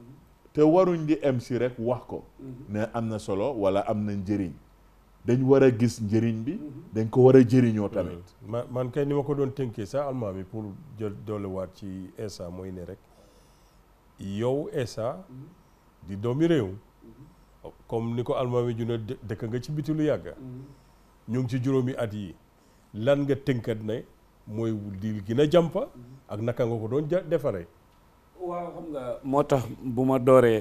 te waruñ di em si rek wax ko mhm. ne am na solo wala am na njëriñ dañ war a gis njëriñ bi mhm. dañ ko war a jëriñoo tamit euh, ma man kay ni ma ko doon tënkee sax almaa mi pour jël doolewaat ci Essa mooy ne rek yow Essa mhm. di doomi réew comme ni ko almaa mi junne dëkk nga ci biti lu yàgga ñu ngi ci juróomi at yi lan nga tënkat ne mooy di gën a jàmpa ak naka nga ko doon defaree waaw xam nga moo tax bu ma dooree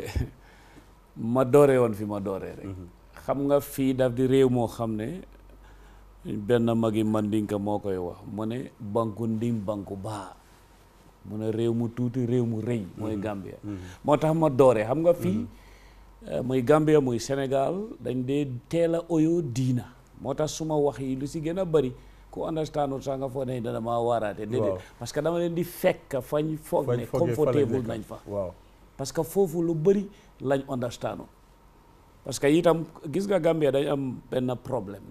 ma doore woon fi ma dooree rek. Mhm. xam nga fii daf di réew moo xam ne benn magi mandinka moo koy wax mu ne banku ndim banku baa mu ne réew mu tuuti réew mu rëy. Mhm. mooy Gambia. Mhm. moo tax ma dooree xam nga fii. Eh, muy Gambia muy Sénégal dañ dee teel a oyoo diina moo tax suma wax yi lu si gën a bari. ku understand wul nga foog ne dana maa waaraate déedéet parce que dama leen di fekk fañ foog ne comfortable nañ fa waaw parce que foofu lu bëri lañ understand parce que itam gis nga Gambia dañ am benn problème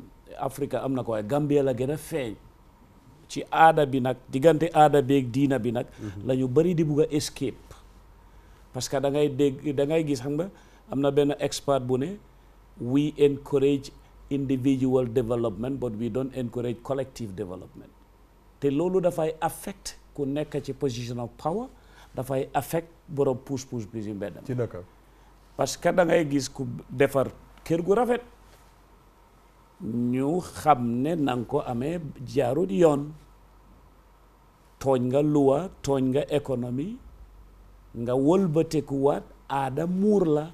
Afrique am na ko waaye Gambia la gën a feeñ ci aada bi nag diggante aada beeg diina bi nag mhm. la ñu bëri di bugg a escape parce que da ngay dégg da ngay gis xam nga am na benn expert bu ne we encourage individual development but we don't encourage collective development te loolu dafay affect ku nekk ci position of power dafay affect borom puus-puus bi ci mbeddam ci naka parce que da ngay gis ku defar kër gu rafet ñu xam ne nang nga ko amee jaarut yoon tooñ nga luwa tooñ nga économie nga wëlbatekuwaat aada muur la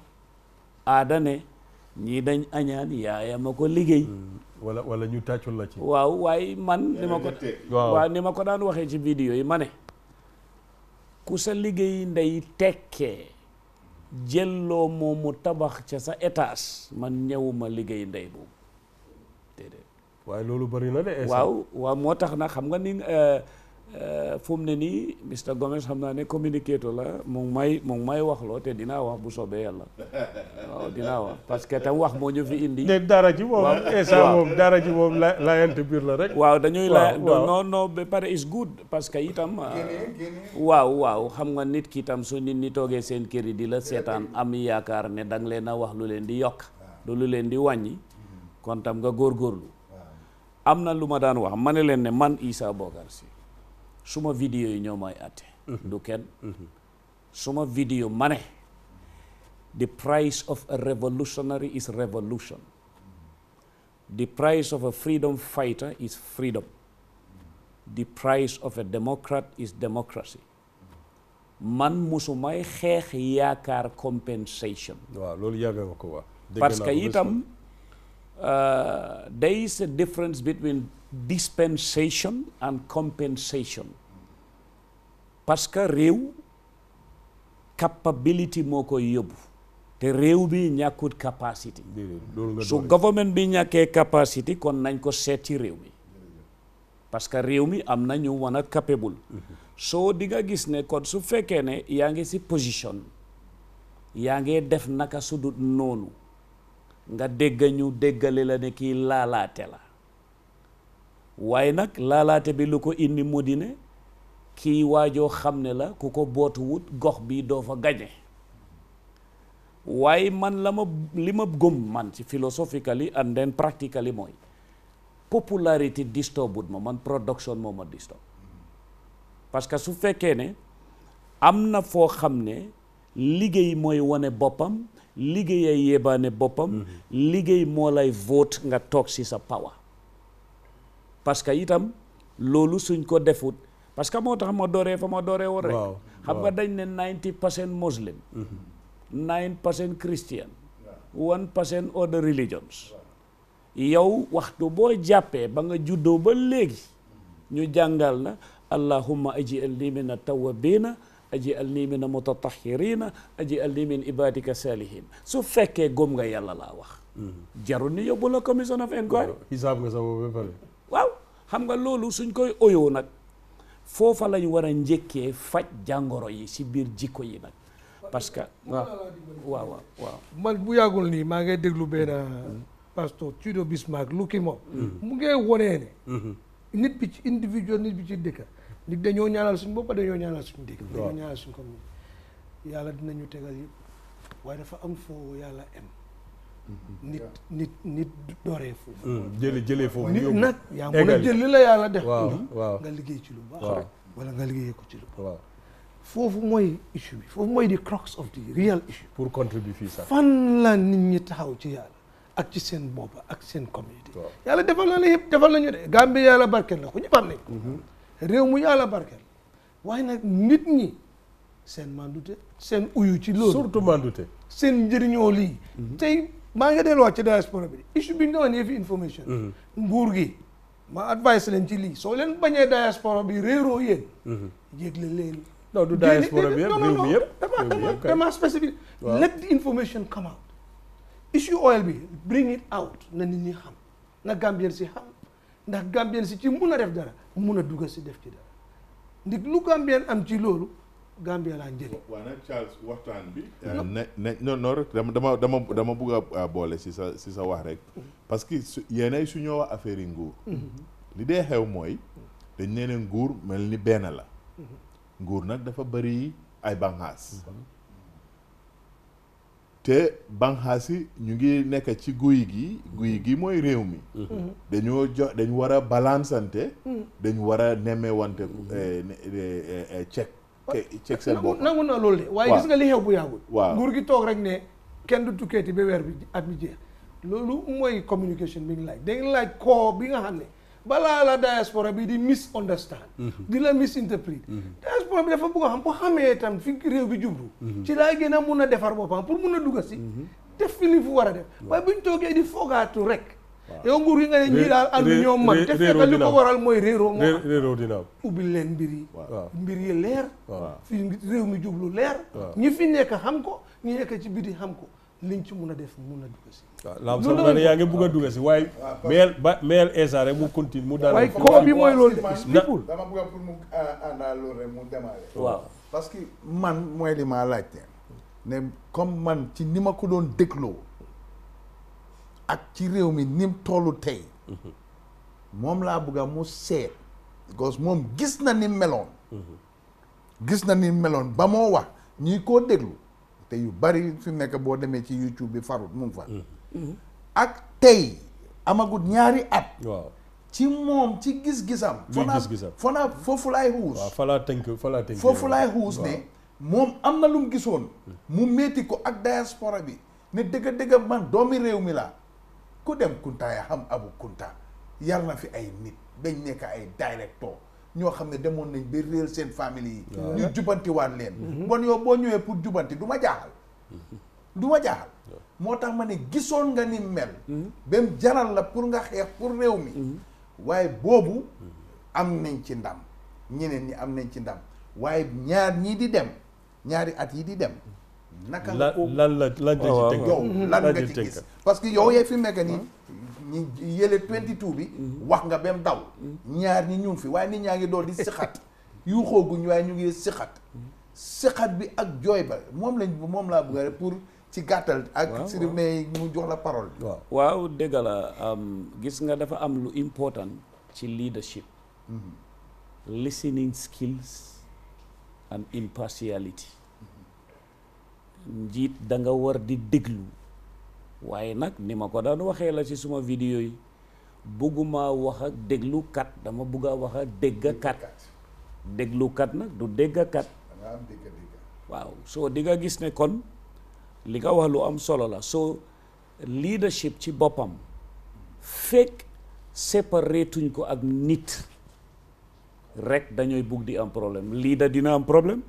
aada ne ñii dañ añaan yaayam ko liggéey. Hmm. wala wala ñu tàccul la ci. waaw waaye man. ni ma ko eh, eh, eh. waaw ni ma ko daan waxee ci vidéo yi ma ne. ku sa liggéey ndey tekkee jëlloo moomu tabax ca sa étage man ñëwuma liggéey ndey boobu waaye loolu bari na de. waaw waaw moo tax nag xam nga ni. Euh, Eh, Fum neni, ne Mr Gomez xamna ne communicateur la mo may mo may wax lo te dina wax bu sobe yalla waaw dina wax parce que tam wax mo ñu fi indi. ne dara ji moom. waaw mom dara ji mom la laayante bir la rek. waaw dañuy la non non be pare is good parce que itam. Euh, waaw waaw xam nga nit ki tam su nit ni toge sen keri di la setan am yaakar ne dang leen a wax lu len di yok du lu len di wañi mm-hmm. kon tam nga gor am amna lu daan wax manelen ne man Isa Bokarr suma vidéo yi ñoo may atte mhm. du kenn mhm. suma vidéo ma ne the price of a revolutionary is revolution the price of a freedom fighter is freedom the price of a democrat is democracy man musumay xeex yaakaar compensation waaw loolu yàgg parce que itam uh, there is a difference between dispensation and compensation parce que réew capability moo koy yóbbu te réew bi ñàkkut capacity su government bi ñàkkee capacity kon nañ ko seet ci réew mi parce que réew mi am na ñu wan capable mm-hmm. soo di nga gis ne kon su fekkee ne yaa ngi si position yaa ngi def naka su noonu nga dégg ñu déggale la ne kii laalaate la waaye nag laalaate bi lu ko indi mu di ne kii waajoo xam ne la ku ko bootuwut gox bi doo fa gañe waaye man la ma li ma gëm man ci philosophically and then practically mooy popularité disturbut ma man production moo ma disturb parce que su fekkee ne am na foo xam ne liggéey mooy wane boppam liggéeyay yebaane boppam mhm. liggéey moo lay vote nga toog si sa power parce que itam loolu suñ ko defut parce que moo tax ma dooree fa ma dooree woon rek xam nga dañ ne ninety percent muslim mhm. nine percent christian one percent other religions yow waxtu boo jàppee ba nga juddoo ba léegi ñu jàngal na la allahumma aj'alni mina tawwabina aj'alni min mutatahhirin aj'alni min ibadika salihin su fekke gom nga yalla la wax jarul ni yóbbu commission of inquiry hisab nga sa boobu ba pare xam nga lolu suñ koy oyo nak fofa lañ wara a fajj jangoro yi ci bir jikko yi nak parce que waaw waaw waaw man bu yagul ni ma ngay deglu benn pastor Tudo Bismarck mm. mu ngay woné ni mm-hmm. nit bi ci individuel nit bi ci nit dañoo ñaanal suñu bopp dañoo ñaanal suñu dégg dañoo ñaanal suñu ko yàlla dinañu tegal yëpp waaye dafa am foo yàlla am mm-hmm. nit nit nit dooree foofu mm, jëlee foofu nit nag yaa la yàlla def waaw nga liggéey ci lu baax wala nga liggéey ko ci foofu mooy issue bi foofu mooy the crux of the real issue pour contribuer fii sax fan la nit ñi taxaw ci yàlla ak ci seen bopp ak seen communauté yàlla defal na la yëpp defal nañu de Gambie yàlla barkeel na ko ñëpp am nañ mm-hmm. réew mu yàlla barkeel waaye na nit ñi seen mandute seen uyu ci loolu surtout mandute seen njëriñoo lii mhm. tey maa ngi delluwaat ci diaspora bi issue bi ñu doon yëfi information mhm. nguur gi ma advice leen ci lii soo leen bañee diaspora bi réeroo yéen mhm. yégle leen non du diaspora bi yëpp réew mi yëpp dama dama dama spécifique let the information come out issue oil bi bring it out na nit ñi xam na Gambien si xam ndax gambien si ci mun a def dara mun a dugal si def ci dara ndig lu gambien am ci loolu gambien laa njëriñ waaw nag Charles waxtaan bi euh, ne ne non non rek dama dama dama bugg a boole si sa si sa wax rek mm-hmm. parce que su yéenay su ñoo wax affaire yi nguur mm-hmm. li dee xew mooy mm-hmm. dañ nee ne nguur mel ni benn la nguur nag dafa bëri ay bànqaas te banxaas yi ñu ngi nekk ci guy gi guy gi mooy réew mi dañoo jox dañ war a balansante dañu war a nemmewante cek cek seen bopp nangu naa loolu de waaye gis nga li xew bu yàggul waaw nguur gi toog rek ne kenn du tukkeeti ba weer bi ak bi jeex loolu mooy communication bi ngi laaj dañ laaj koo bi nga xam ne balaa la diaspora bi di misunderstand mhm. di la misinterpret mhm. diaspora bi dafa bëgg a xam bu xamee itam fi réew bi jublu mhm. ci laa gën a mun a defar boppam pour mun a dugg si def fi li fu war a def waaye ñu toogee di foogaatu rek yow nguur yi nga ne ñii daal ànd ñoo man te fekk li ko waral mooy réeroo moo am réeroo dina ubbi leen mbir yi mbir yi leer fi réew mi jublu leer ñi fi nekk xam ko ñi nekk ci biti xam ko liñ ci mun a def mun a dugg si. a dugg si waaye. Ah, meel ba meel Esa rek mu continue mu daal. waaye kaw mu ah, àndaal mu démarré. waaw parce que man mooy li ma laajte. ne comme man ci ni ma ko doon dégloo. ak ci réew mi ni mu tollu tey. moom laa bëgg a mu seet. because moom gis na ni meloon. Mhm. gis na ni meloon ba moo wax ñi koo déglu. te yu bari fi nekk boo demee ci YouTube bi farut mu ngi mm. mm-hmm. ak tey amagut ñaari at ci moom ci gis-gisam fanaa fanaa foofu laay xuus waaw fa laa tënk fa ne moom am na lu mu gisoon mm. mu metti ko ak diaspora bi ne dëgg dëgg man doomi réew mi laa ku dem Kunta ya xam Abu Kunta yar na fi ay nit bañ nekk ay directeur ñoo xam ne demoon nañ ba réer seen famille yi ñu jubantiwaat leen mhm. bon yow boo ñëwee pour jubbanti du ma jaaxal du ma jaaxal moo tax ma ne gisoon nga ni mel mhm. ba mu jaral la pour nga xeex pour réew mi mhm. waaye boobu am nañ ci ndam ñeneen ñi am nañ ci ndam waaye ñaar ñii di dem ñaari at yi di dem naka la lan la lan nga ci tënk yow lan nga ci gis parce que yow yee fi mu nekk nii ñi yële 22 bi. Mm-hmm. wax nga bem daw. Mm-hmm. ñaar ñi ñu fi waaye nit ñaa ngi doon di sixat mm-hmm. yu xooguñ waaye ñu ngi sixat siqat bi ak jooy ba moom lañ moom laa bëgg pour ci gàttal. ak si mais mu jox la parole. waaw waaw dëgg la gis nga dafa am lu important ci leadership. listening skills and impartiality. njiit da nga war di déglu. waaye nag ni ma ko daan waxee la ci suma vidéo yi bëgguma wax ak déglukat dama bëgg a wax ak déggakat déglukat nag du déggakat waaw soo di nga gis ne kon li nga wax lu am solo la soo leadership ci boppam fekk séparétuñ ko ak nit rek dañooy bugg di am problème leader dina am problème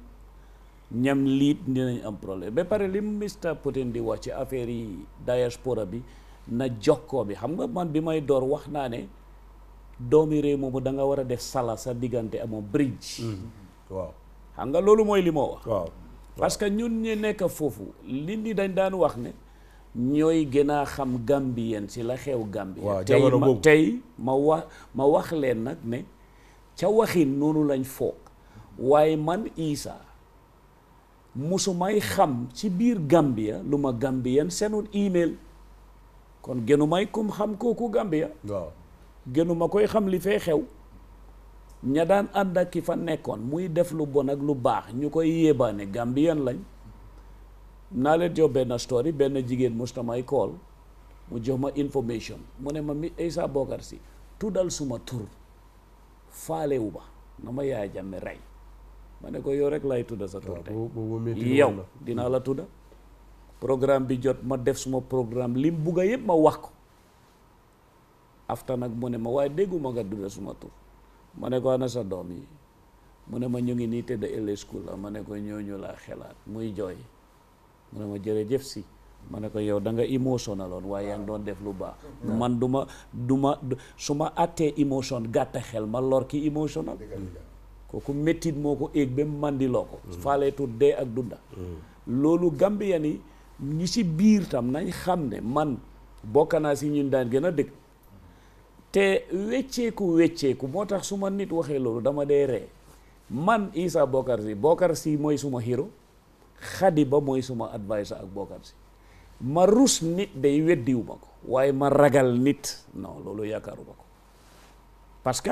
ñam liit dinañ am problème ba paré li Mr Putin di wax ci affaire yi diaspora bi na jokko bi xam nga man bi may door wax naa ne doomi réew moomu da nga wara def sala sa diganté amo bridge mm-hmm. waaw xam nga lolu moy limo wax waaw parce que ñun ñi nekk fofu li ni dañ daan wax ne ñoy gëna xam gambien ci la xew gambien tay, ma tay ma wax ma wax leen nak ne ca waxin nonu lañ fo waye man Isa musumay xam ci biir Gambia lu ma Gambien seenul email kon gënu may xam kooku Gambia. waaw gënu koy xam li fee xew. ña daan ànd ak ki fa nekkoon muy def lu bon ak lu baax ñu koy yéebaane Gambien lañ naa leen jox benn story benn jigéen musta may call mu jox ma information mu ne ma mi Essa Bokarr si tuddal suma tur faalewu ba na ma Yaya Jammeh rey mané ko yow rek lay tudda sa tur yow dina la tudda programme bi jot ma def suma programme lim buga yeb ma wax ko afta nak mu ne ma waaye dégguma nga dudda suma tour ma ko ana sa dom yi mu ne ma ñu ngi nii tëdd ëllëg school la mané ne ko ñooñu la xelaat muy joy ne ma jërëjëf si ma ko yow da nga émotionnaloon waaye way yang doon def lu ba man duma duma suma até émotion xel ma lor ki émotionnal kooku méttit moo ko éeg ba mandiloo ko mm. faaleetul dee ak dunda mm. loolu Gambien yi ñi ci biir tam nañ xam ne man bokk naa si ñun daan gën a dëkk te wecceeku wecceeku moo tax su ma nit waxee loolu dama dee ree man Essa Bokarr Sy Bokarr si mooy suma hero xadi ba mooy suma advisor ak Bokarr Sy ma rus nit day weddiwu ko waaye ma ragal nit non loolu yaakaaruma ko parce que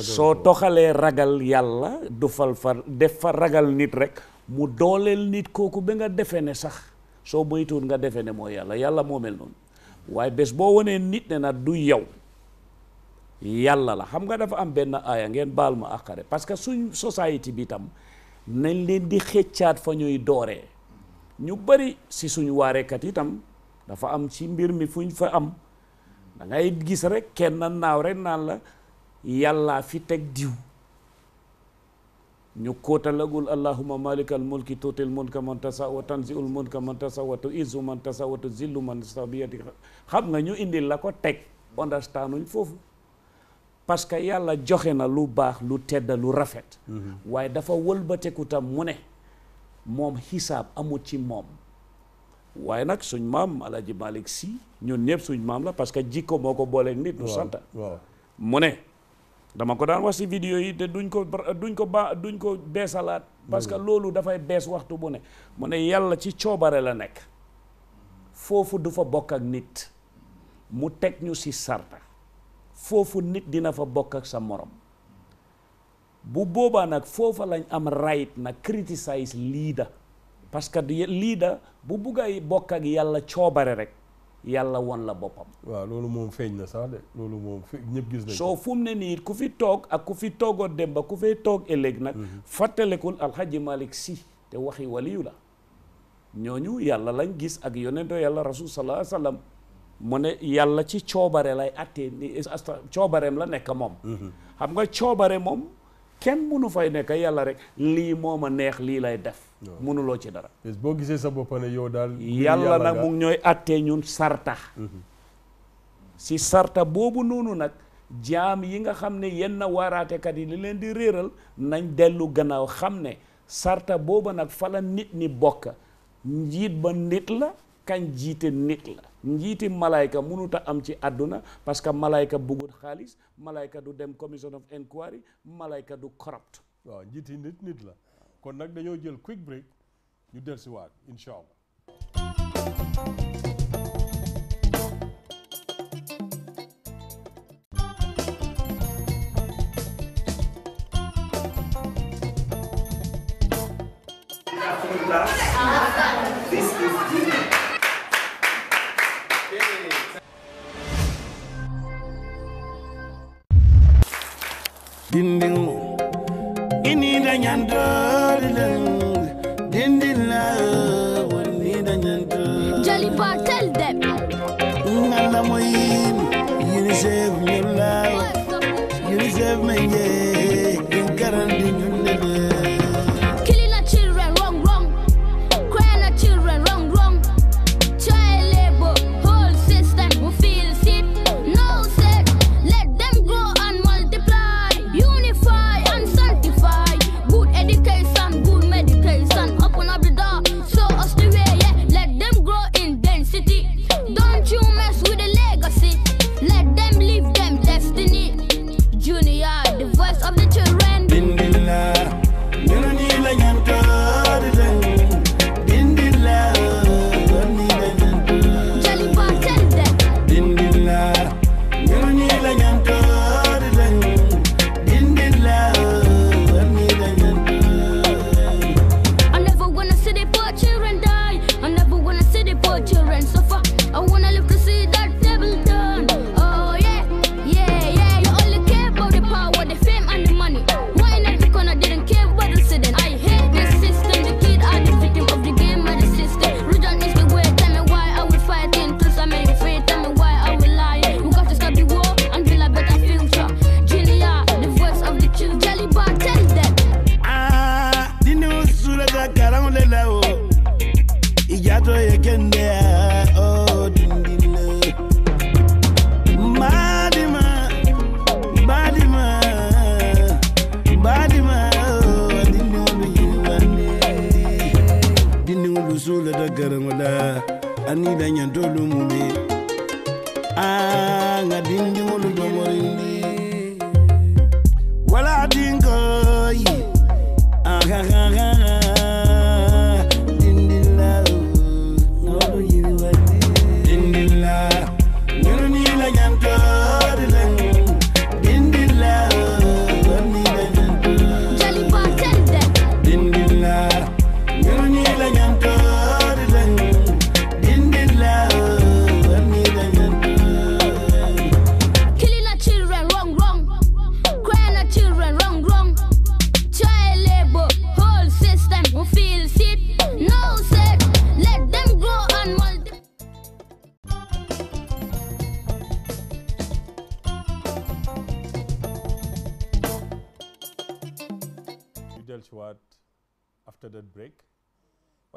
soo toxalee ragal yàlla dufal fa def fa ragal nit rek mu dooleel nit kooku ba nga defee ne sax soo moytuwul nga defee ne moo yàlla yàlla moo mel noonu waaye bés boo wonee nit ne na du yow yàlla la xam nga dafa am benn aaya ngeen baal ma àqare parce que suñ société bi tam nañ leen di xëccaat fa ñuy dooree ñu bari si suñ waarekat itam dafa am ci mbir mi fuñ fa am da ngay gis rek kenn naaw rek naan la yàllaa fi teg diw ñu kóotalagul allahuma malika al mulki tuutil mulka man tasa wa tanziul mulka man tasa wa tu izu man tasa wa tu zillu man tasa bi yadi xam nga ñu indi la ko teg understanduñ foofu parce que yàlla joxe na lu baax lu tedd lu rafet mm-hmm. waaye dafa wëlbateku tam mu ne moom xisaab amul ci moom waaye nag suñ maam alaji malik si ñun ñëpp suñ maam la parce que jikko moo ko booleeg nit du santa mu ne dama ko daan wax si vidéo yi te duñ ko duñ ko ba duñ ko beesalaat parce que mm. loolu dafay bees waxtu bu ne mu ne yàlla ci coobare la nekk foofu du fa bokk ak nit mu teg ñu si sarta foofu nit dina fa bokk ak sa morom bu boobaa nag foofa lañ am right nag criticize leader parce que leader bu bugg a bokk ak yàlla coobare rek yàlla won la boppam. waaw loolu moom feeñ na sax de loolu moom ñëpp gis nañ soo fu mu ne nii ku fi toog ak ku fi toogoo dem ba ku fee toog ëllëg nag. Mhm. fàttalekul alxaji Malick si te waxi waliyu la ñoo ñooñu yàlla lañ gis ak yonento yàlla rasul sallallahu alayhi mu ne yàlla ci coobare lay attee ni coobare la nekk moom. Mhm. xam nga coobare moom. kenn mënu fay nekk yàlla rekk lii moo ma neex lii lay def mënuloo ci dara boo gisee sa bopp yow daal yàlla nag mu ñooy attee ñun sarta mhm. si sarta boobu noonu nag jaam yi nga xam ne yenn waaraatekat yi li leen di réeral nañ dellu gannaaw xam ne sarta booba nag fala nit ñi bokk njiit ba nit la kañ jiite nit la njiti malaika munuta am ci aduna parce que malaika bugut khalis malaika du dem commission of inquiry malaika du corrupt wa njiti nit nit la kon nak dañu jël quick break ñu del ci waat inshallah allah alhamdulillah dinding ini da nyando dinding la wani da nyando jali ba tell them ngala moyin unicef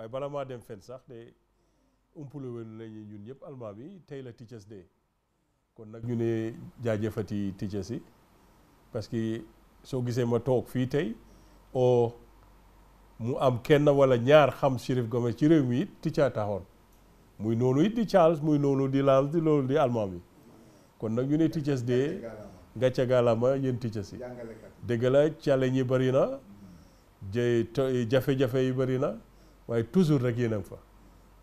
waaye bala maa dem fen sax te umpulewel nañu ñun ñëpp almaa bi tey la Teachers Day kon nag ñu ne jaajëfati teachers yi parce que soo gisee ma toog fii tey oo mu am kenn wala ñaar xam Sheriff Gomez ci réew mi it teacher taxoon muy noonu it di Charles muy noonu di Lance di loolu di almaa bi kon nag ñu ne Teachers Day gàcce gaalama yéen teachers yi dëgg la challenge yi bëri na jafe-jafe yi bëri na waaye toujours rek yéen fa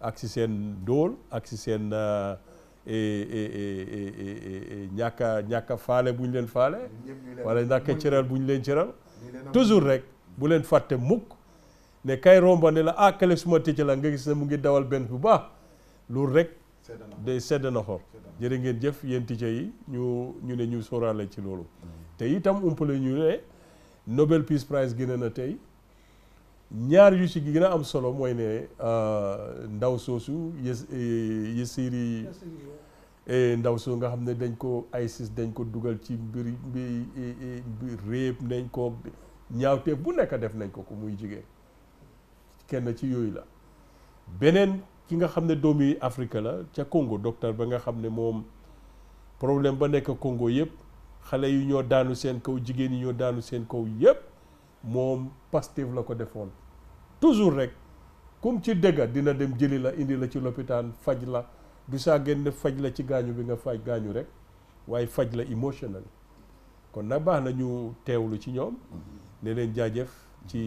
ak si seen dóol ak si seen euh, e, e, e, ñàkk a ñàkk a faale bu ñu leen faale wala ñàkk a cëral bu ñu leen cëral toujours rek bu leen fàtte mukk ne kay romba ne la ah kële suma tëcc la nga gis ne mu ngi dawal benn bu baax loolu rek day sedd na xol jërë ngeen jëf yéen ticca yi ñu ñu ne ñu sóoraale ci loolu te itam umpale ñu ne Nobel Peace Prize génne na tey ñaar yu gi gën a am solo mooy ne euh, ndaw soosu Yassiri euh, euh, ndaw soosu nga xam ne dañ ko ISIS dañ ko dugal ci mbir mbir réeb nañ ko ñaawteef bu nekk def nañ ko ko muy jigéen kenn ci yooyu la beneen ki nga xam ne doomi Afrique la ca Congo docteur ba nga xam ne moom problème ba nekk kongo yëpp xale yi ñoo daanu seen kaw jigéen yi ñoo daanu seen kaw yëpp moom Pastef la ko defoon toujours rek kum ci dégga dina dem jëli la indi la ci lopitaan faj la du saa génn faj la ci gaañu bi nga faj gaañu rek waaye faj la emotional kon nag baax na ñu teewlu ci ñoom ne leen jaajëf ci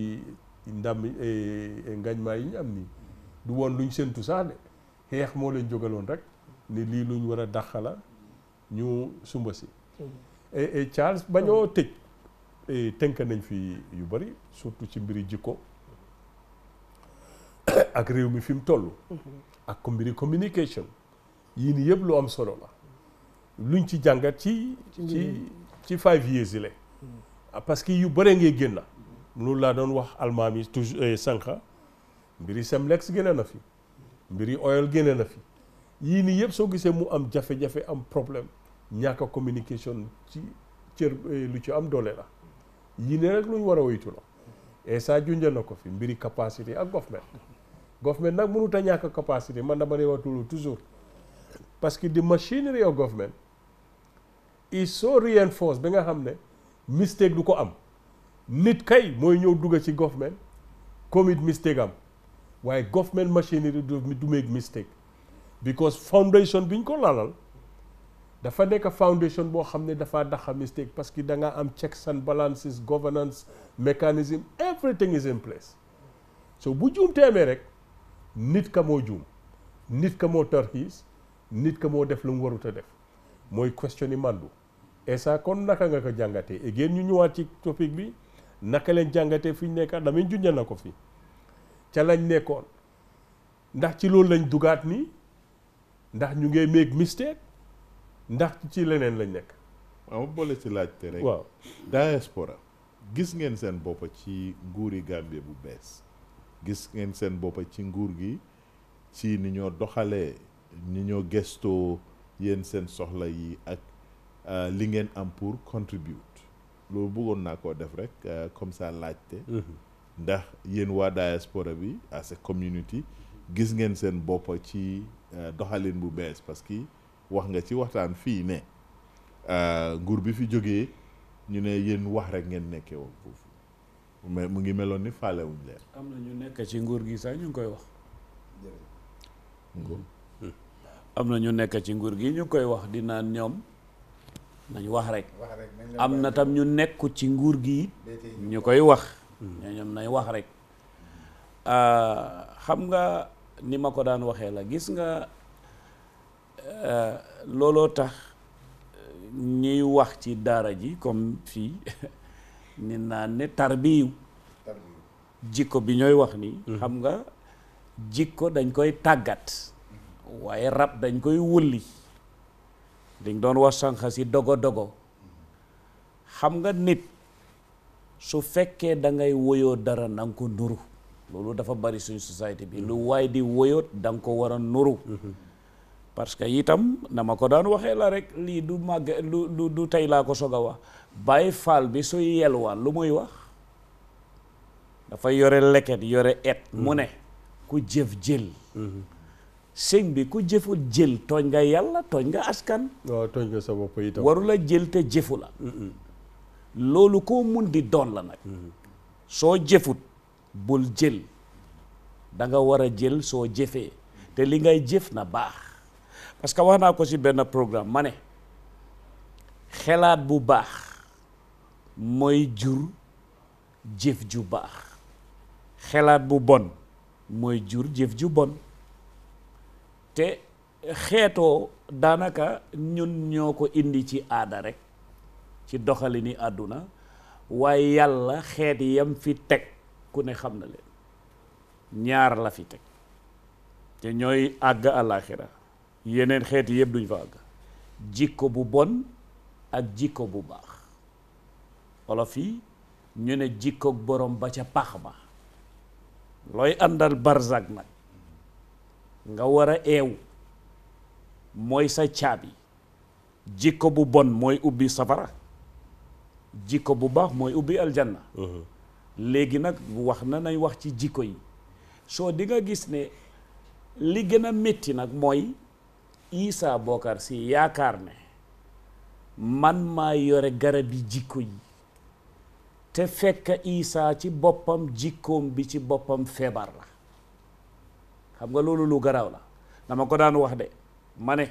ndam eh, eh, ngañmaa yi ñu am ni du woon luñ séntu sax xeex moo leen jógaloon rek ni lii luñ war a dàq ñu sumba si mm-hmm. eh, Charles bañoo tëj tenk nañ fi yu bari surtout ci mbiri jikko ak réew mi fi mu toll. Mm-hmm. ak ko mbiri communication yii nii yëpp lu am solo la luñ ci jàngat ci ci ci five years yi la mm-hmm. ah, parce que yu bare ngay génn loolu laa doon wax almaam yi toujours euh, sànqa mbiri Semlex génne na fi mbiri oil génne na fi yii nii yëpp soo gisee mu am jafe-jafe am problème ñàkk communication ci cër euh, lu ci am doole la yii nii rek luñ war a woytu la mm-hmm. et ça na ko fi mbiri capacité ak government government nag mënut a ñàkk capacité man dama dee wax toujours parce que di machinery of government is so reinforced bi nga xam ne mistake du ko am nit kay mooy ñëw dugg ci government commit mistake am waaye government machinery du make mistake because foundation bi ñu ko lalal dafa nekk foundation boo xam ne dafa daxa mistake parce que da nga am checks and balances governance mechanism everything is in place so bu juumteemee rek nit ka moo juum nit ka moo tarxiis nit ka moo def lu mu warut def mooy questionner màndu et ça kon naka nga ko jàngatee et ñu ñëwaat ci topic bi naka leen jàngatee fi ñu nekkaat damay junja na ko fi ca lañ nekkoon ndax ci loolu lañ dugaat nii ndax ñu ngee make mistake ndax ci leneen lañ nekk waaw boole ci laajte rek waaw diaspora gis ngeen seen bopp ci nguuri Gambie bu bees gis ngeen seen bopp ci nguur gi ci ni ñoo doxalee ni ñoo gestoo yéen seen soxla yi ak euh, li ngeen am pour contribute loolu bëggoon naa koo def rek euh, comme ça laajte mhm. ndax yéen waa diaspora bi as a community gis ngeen seen bopp ci euh, doxalin bu bees parce que wax nga ci waxtaan fii ne nguur bi fi jógee ñu ne yéen wax rek ngeen nekkee woon foofu mais mu ngi meloon ni faalewuñ leen. am na ñu nekk ci nguur gi sax ñu ngi koy wax. Hmm. am na ñu nekk ci nguur gi ñu koy wax di naan ñoom nañ wax rek. am na tam ñu nekku ci nguur gi ñu koy wax. Hmm. ñoom nañ wax rek. Ah, xam nga ni ma ko daan waxee la gis nga eh, looloo tax ñuy wax ci daara ji comme fii. ni naa ne tarbiyu jikko bi ñoy wax ni mhm. xam nga jikko dañ koy tagat waye rap dañ koy wulli dañ doon wax sank dogo dogo xam nga nit su fekke da ngay woyo dara nang ko nuru lolu dafa bari suñu society bi mhm. lu way di woyo dang ko nuru mhm parce que yitam nama ko daan waxe la rek li du mag du du tay la ko soga wax bay fal bi lu wax dafa yore leket yore et muné ku jëf jël sëñ bi ku jëful jël tooñ nga yalla tooñ nga askan waaw tooñ nga sa waru la jël te jëfu la loolu mun di don la nag so jëfut bul jël da nga wara a jël soo te li ngay jëf na baax parce que wana ko si ben programme mané xelat bu bax moy jur jef ju bax xelat bu bon moy jur jef ju bon te xéto danaka ñun ñoko indi ci aada rek ci doxalini aduna way yalla xéet yam fi tek ku ne xam na leen ñaar la fi té ñoy ag al akhirah yeneen xeeti yëpp duñ fa àgg jikko bu bon ak jikko bu baax wolof yi ñu ne jikkoog borom ba ca pax ma looy àndal barzak nag nga war a eew mooy sa caabi jikko bu bon mooy ubbi safara jikko bu baax mooy ubbi aljanna mhm. léegi nag wax na nañ wax ci jikko yi soo dinga gis ne li gën a metti nag mooy Issa Bokar si yaakaar ne man maa yore garab yi jikko yi te fekk Issa ci boppam jikkoom bi ci boppam feebar la xam nga loolu lu garaaw la dama ko daan wax de mane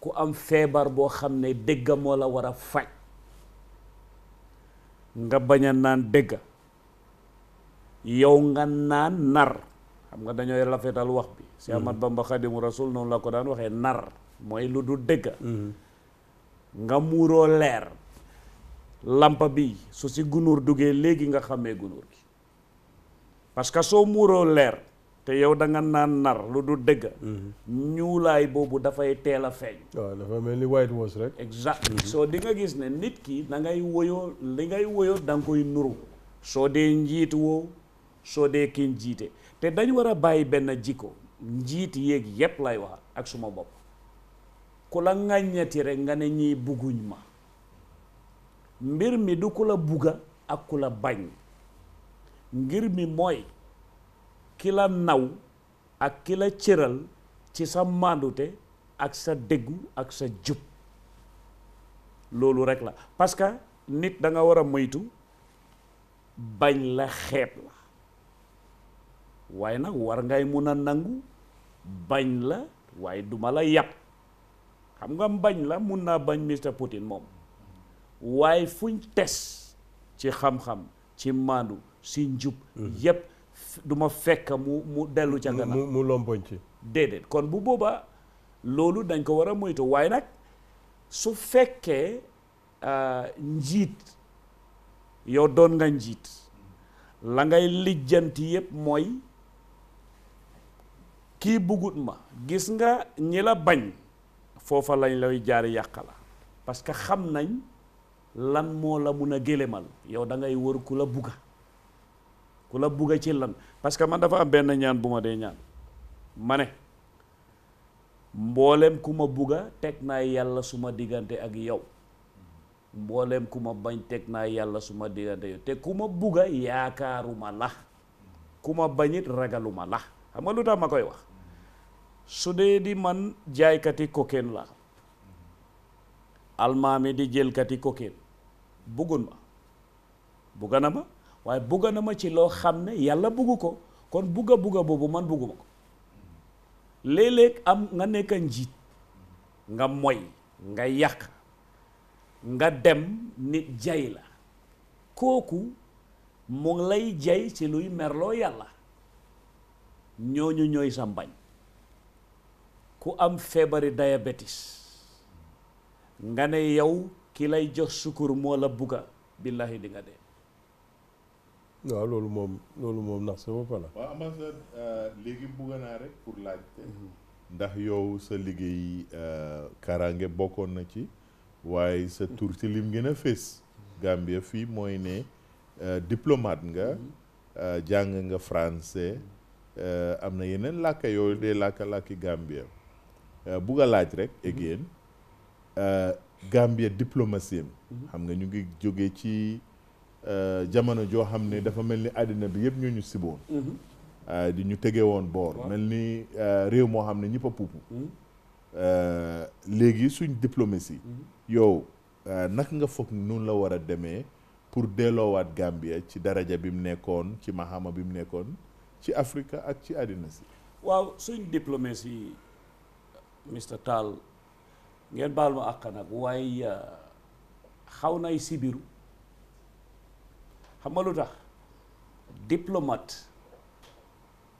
ku am feebar boo xam ne dégga moo la war a faj nga bañ a naan dégga yow nga naan nar xam nga dañooy rafetal wax bi si Ahmad mm-hmm. Bamba Xadimu Rasul noonu la ko daan waxee nar mooy lu du dëgg mm-hmm. nga muuroo leer làmp bi su si gunóor duggee léegi nga xamee gunóor gi parce que soo muuroo leer te yow danga naan nar lu du dëgg mm-hmm. ñuulaay boobu dafay teel a feeñ waaw mel ni white rek exact soo di nga gis ne nit ki da ngay woyoo li ngay woyoo danga koy nuru soo dee njiit woo soo dee kin jiite te dañ wara bayyi ben jiko njit yeek yep yépp lay wax ak suma bop ku la ngagnati rek nga ne ñi buguñ ma mbir mi du ku la buga, ak ku la bañ ngir mi moy ki la naw ak ki la cëral ci sa màndute ak sa déggu ak sa jup lolu rek la parce que nit da nga wara moytu bañ la xépp la waye nak war ngay muna nangu bañ la waye duma la yap xam nga bagn la muna bagn Mr Putin mom waye fuñ tes ci xam-xam ci mandu ci njub mhm. yep duma fekk mu mu delu ci gannaaw mu lompon ci dedet kon bu boba loolu dañ ko wara moytu waye nak su fekkee ah, njit yo don nga njit la ngay lijjanti yep moy Ki bugut ma gis nga ñi la bañ fofa lañ lay jaar yakala parce que xam nañ lan mo la mëna a gélémal yow da ngay wër kula buga kula buga ci lan parce que man dafa am buma ñaan buma ma ñaan mané mbollem kuma buga tek na yalla suma digante ak yow mbollem Tek bañ tek na yalla suma digante yow te kuma buga yaakaruma la kuma bañit ragaluma la xam nga lutax makoy wax su di man kati cocaine la almaami di kati cocaine bugun ma bugana ma waaye bugana ma ci lo xamne yalla yàlla kon buga buga bobu man bugguma ko Lelek am nga nek njit nga moy nga yak nga dem nit jay la koku mo ngi lay jay ci luy merlo yalla ñoñu ñoy sa ku am feebari diabetes nga ne yow ki lay jox sukur mo la buga billahi di nga de wa lolou mom lolou mom ndax sama pala wa ambassadeur euh legui buga na rek pour laajte mhm. ndax yow sa euh karange bokon na ci waye sa tour ci lim gëna fess gambia fi moy ne euh, diplomate nga mhm. euh, jang nga français euh amna yenen lakay yo de làkk-làkki gambia Euh, bugg a laaj rek ak yéen euh, Gambia diplomatie xam nga ñu ngi jóge ci euh, jamono joo xam ne dafa mel ni àddina bi yëpp ñoo ñu siboon di ñu tege woon boor mel ni réew moo xam ne ñëpp a puupu hmm. léegi suñ diplomatie hmm. yow nak nga foog noonu la war a demee pour delloowaat Gambia ci daraja bi mu nekkoon ci mahama bi mu nekkoon ci Afrique ak ci àddina si waaw suñ diplomatie Mr tal ngeen baal ma àq nag naisi biru, nay sibiru xam bana lu tax diplomate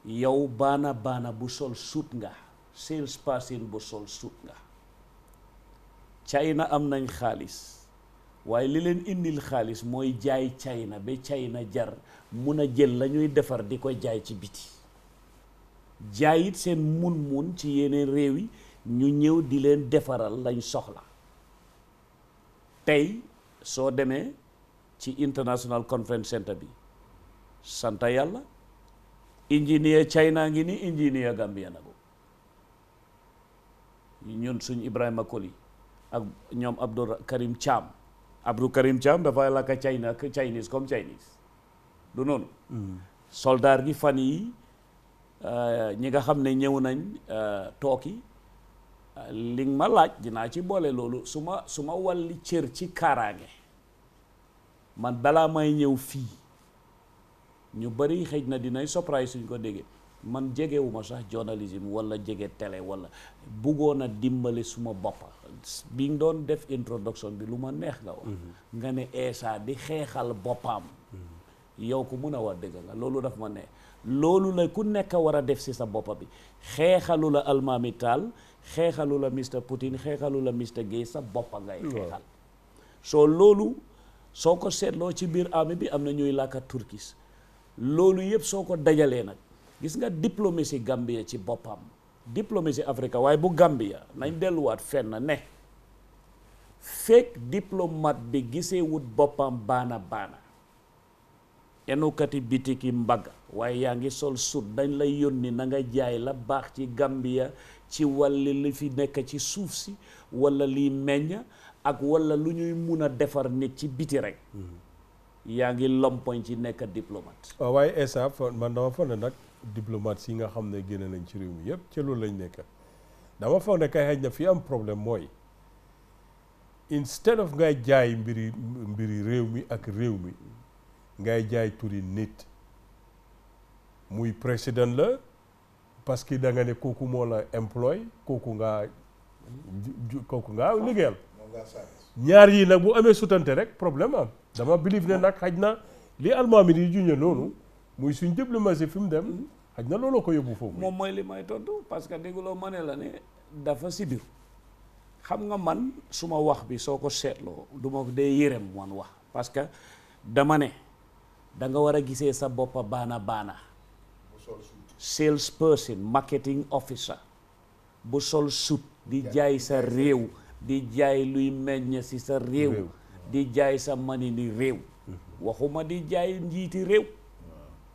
yow bana bana bu sol suit nga sales person bu sol suit nga China am nañ xaalis way li len indil xaalis moy jaay China be China jar muna jël la defar di ko jaay ci biti jaayit sen mun mun ci yeneen réew ñu ñew di leen defaral lañ soxla tay so démé ci international conference center bi santa yalla engineer china ngi ni engineer gambia na ko ñun suñu ibrahima koli ak ñom abdou karim cham abdou karim cham dafa ka china chinese comme chinese du mm. soldar gi fani euh ñi nga xamne ñew nañ euh toki li ma laaj dinaa ci boole loolu su ma su ma walli cër ci kaaraange man balaa may ñëw fii ñu bari xëj na dinay surprise suñ ko déggee man jegewuma sax journalisme walla jege tele wala buggoon a dimbali suma boppa bi nga doon def introduction bi lu ma neex nga wax mhm. nga ne Essa di xeexal boppam mhm. yow ku mun a wax dëgg la loolu daf ma neex loolu la ku nekk war a def si sa boppa bi xeexalu la almaami taal xéxalu la Mr Putin xéxalu la Mr Gisa sa bop ngay xéxal so lolu soko setlo ci bir ami bi amna ñuy laka turkis lolu yeb soko dajalé nak gis nga diplomatie Gambia ci bopam diplomatie Africa way bu Gambia nañ wat fenn ne Fake diplomat bi gisé wut bana bana. Enu enukati bitiki mbaga waaye yaangi sol sud dañ lay yoni na nga jaay la bax ci Gambia ci wàllu li fi nekk ci suuf si walla liy meññ ak wala lu ñuy mun a defar nit ci biti rek mm-hmm. yaa ngi lompoñ ci nekk diplomate waaw waaye Essa man dama foog ne nag diplomate yi nga xam ne génne nañ ci réew mi yëpp ci loolu lañ nekk dama foog ne kay na fi am problème mooy instead of ngay jaay mbiri mbiri réew mi ak réew mi ngay jaay turi nit muy président la parce que da nga ne koku mo la employ koku nga koku nga ligel ñaar yi nak bu amé soutenté rek problème am dama believe ne nak xajna li almaami di junñe nonu muy suñu diplomatie fim dem xajna lolo ko yóbbu fofu mom moy li may tontu parce que dégguloo mané la né dafa si biir xam nga man suma wax bi soko ko duma man wax parce que dama ne da nga war sa boppa bana bana salesperson marketing officer bu sol sut di ya. jaay sa rew, di jaay luy meñ ci sa rew, di jaay sa mani ni rew. Mhm. waxuma di jaay njiti rew.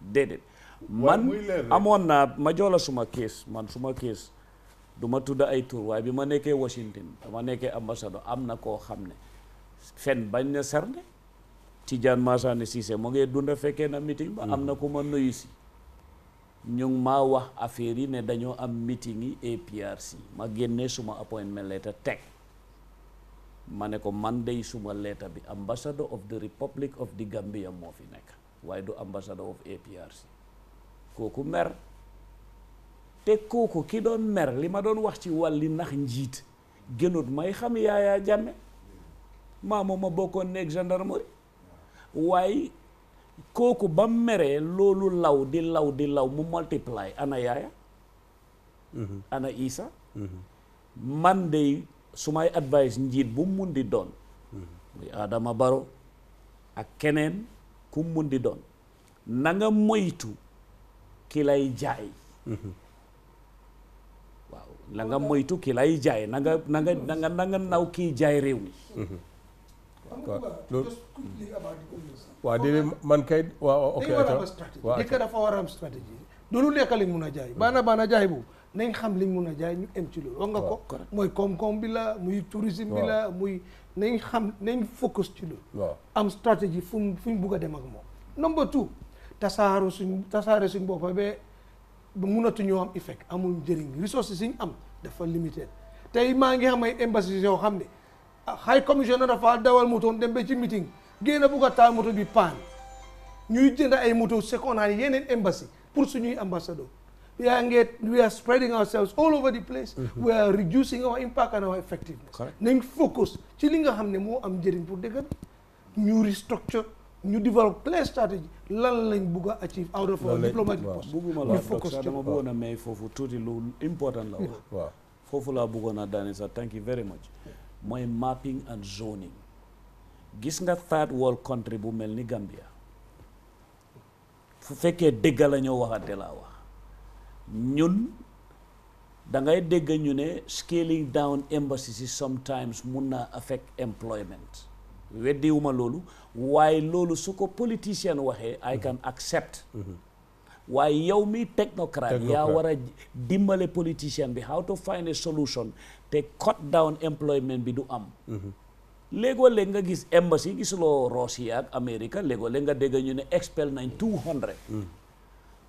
Dedet. man amon na ma jola suma case, man suma case, du ma tudd ay tour way bi ma Washington dama nekké ambassadeur amna ko xamné fen bañ na serne Tijaan Massaane Cissé mo ngi dunda fekkee na meeting ba amna mhm. ko ma nuyu ci ñu ngi maa wax affaire yi ne dañoo am meeting yi APRC ma génnee suma appointment letter teg ma ne ko man day suma letter bi ambassador of the Republic of the Gambia moo fi nekk waaye du ambassador of APRC kooku mer te kooku ki doon mer li ma doon wax ci wàlli nax njiit gënut may xam Yaya Jammeh maamoo ma bokkoon nekk gendarmerie waaye kooku ba meree loolu law di law di law mu multiply ana yaaya mhm. ana isa mhm. man de su may advice njiit bu mun di doon mhm. muy Adama Barrow ak keneen ku mun di doon nanga nga moytu ki lay jaay waaw na nga moytu ki lay jaay na nga na nga na naw kii jaay réew mi loolu waaw déedéet man kay waaw ok waaw jëkkër dafa war a am stratégie du lu nekk lañ mun a jaay baana baana jaay boobu nañ xam liñ mun a jaay ñu em ci loolu wax nga ko mooy koom-koom bi la muy tourisme bi la muy nañ xam nañ focus ci loolu am stratégie fu mu fu ñu bugg a dem ak moom number two tasaaru suñ tasaare suñ boppa ba mënatuñoo am effect amul njëriñ ressources yi ñu am dafa limité tey maa ngi xam ay embassy yoo xam ne high commissioner dafa dawal motoom dem ba ci meeting génn bugg a taal moto bi paan ñuy jënd ay moto secondaire yeneen embassy pour suñuy ambassadeur we are get we are spreading ourselves all over the place. Mm-hmm. we are reducing our impact and our effectiveness. nañ focus ci li nga xam ne moo am njëriñ pour dëgg ñu restructure ñu develop clear strategy lan lañ bugg a achieve out of our diplomatic post. ñu focus ci a may foofu tuuti lu important la. laa bëggoon a daane sax thank you very much. mooy mapping and zoning gis nga third world country bu mel ni Gambia fu fekkee dëgg la ñoo waxante laa wax ñun dangay dégg ñu ne scaling down embassies yi sometimes mun naa affect employment weddiwuma loolu waaye loolu su ko politicien waxee I can accept mm-hmm. waaye yow mi technocrate yaa war a dimbale politicien bi how to find a solution te cut down employment bi du am mhm. léegoo lee nga gis embassy gisuloo yi ak Amérique léegoo léeg nga dégg ñu ne expel nañ 200 mm.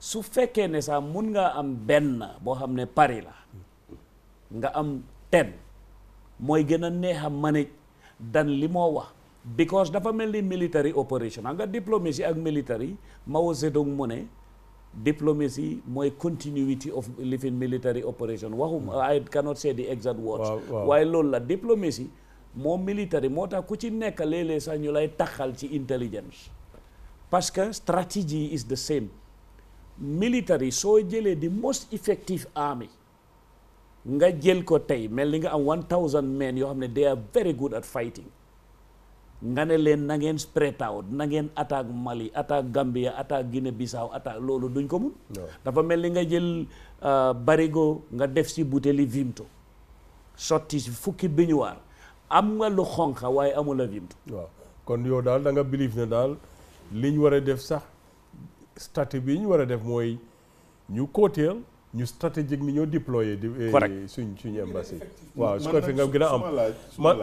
su fekkee ne sax mun nga am benn boo xam ne pari la nga am ten mooy gën a neex a manage dan li moo wax because dafa mel ni military operation nga diplomatie ak military Mao Zedong mu ne diplomacy mooy continuity of living military operation waxum mm. I cannot say the exact words waaye loolu la diplomacy moo military moo tax ku ci nekk léeg-léeg sax ñu lay taxal ci intelligence parce que strategy is the same military soo jëlee the most effective army nga jël ko tey mel ni nga am one thousand men yoo xam ne they are very good at fighting nga ne leen na ngeen spread out na ngeen attaque Mali attaque Gambia attaque Guinée Bissau attaque loolu duñ ko mun dafa mel ni nga jël euh, barigo nga def si butéeli vimto sotti si fukki biñuwaar am nga lu xonqa waaye amula vimto waaw kon yow daal da nga believe ne daal liñ war a def sax statut bi ñu war a def mooy ñu kóoteel ñu stratégique ni ñoo déployé. Eh, correct suñ suñu embassy. waaw su ko fi nga gën a am man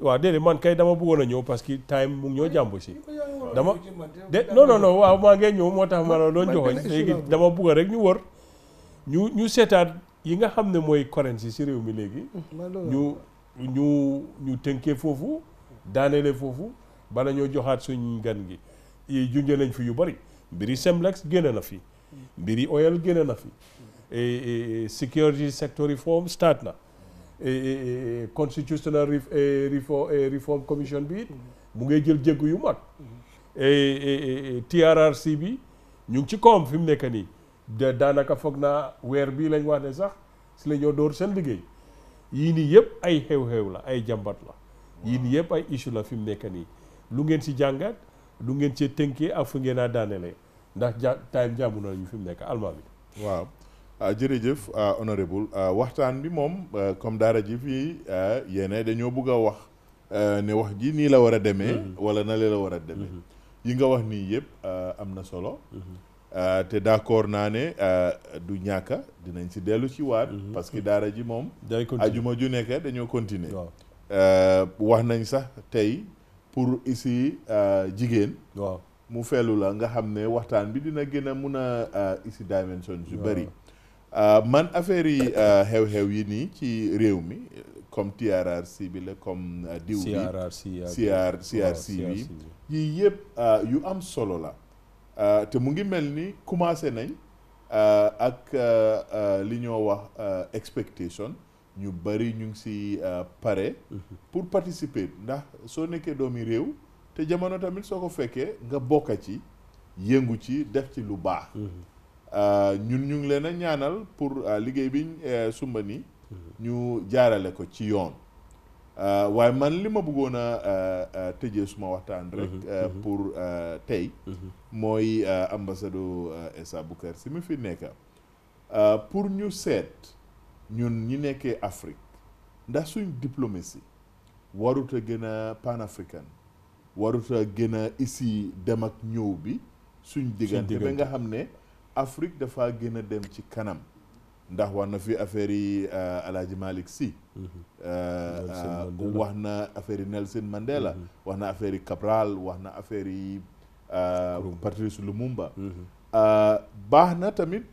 waaw déedéet man kay dama bëggoon a ñëw parce que time mu ñoo jàmbu si. dama de non non non waaw maa ngi ñëw moo tax ma la doon joxoñ léegi dama bugg rek ñu wër ñu ñu seetaat yi nga xam ne mooy currency si réew mi léegi. ñu ñu ñu tënkee foofu daaneele foofu bala ñoo joxaat suñ gan gi. yi nañ fi yu bari mbiri Semlex génne na fi. mbiri Oyel génne na fi. security sector reform start na constitutional reform commission bi mu ngay jël jéggu yu mag TRRC bi ñu ngi ci koom fi mu nekk nii daanaka foog naa weer bii lañ wax ne sax si la door seen liggéey yii nii yëpp ay xew-xew la ay jàmbat la yii nii yëpp ay issue la fi mu nekk nii lu ngeen ci jàngat lu ngeen cee tënkee ak fu naa a ndax ja time jàmm nañu fi mu nekk almaa bi waaw Ah, jërëjëf ah, honorable ah, waxtaan bi moom comme daara ji fii yéene dañoo bugg a wax ne wax ji nii la war a demee mhm. wala na lee la war a demee mhm. yi nga wax nii yëpp am na solo mhm. te d'accord naa ne du ñàkk dinañ si dellu ci waat parce que daara ji moom ajuma ju nekk dañoo continuer wax nañ sax tey pour isi jigéen mu fellu la nga xam ne waxtaan bi dina gën a mun a isi dimension yu bari Euh, man affaire yi euh, xew-xew yi nii ci réew mi comme TRRC bi la comme euh, diw bi CRRC CRC bi yii yëpp yu am solo la te mu ngi mel ni commencé nañ ak li ñoo wax expectation ñu bari ñu ngi si pare mhm. pour participer ndax soo nekkee doomi réew te jamono tamit soo ko fekkee nga bokka ci yëngu ci def ci lu baax mhm. Euh, ñun ñu ngi leen a ñaanal pour euh, liggéey bi euh, sumba ni ñu jaarale ko ci yoon waaye man li ma bëggoon a tëjee suma waxtaan rek mhm, mhm. pour tey mhm. mooy ambassadeur Essa Boucar si mu fi nekka pour ñu seet ñun ñi nekkee Afrique ndax suñ diplomatie warut a gën a panafricaine warut a gën a ici dem ak ñëw bi suñ diggante ba nga xam ne Afrique dafa gën a dem ci kanam ndax wax na fi affaire yi euh, Alhaji Malick Sy euh, euh, wax na affaire yi Nelson Mandela mm-hmm. wax na affaire yi Cabral wax na affaire yi Patrice Lumumba mm-hmm. baax na tamit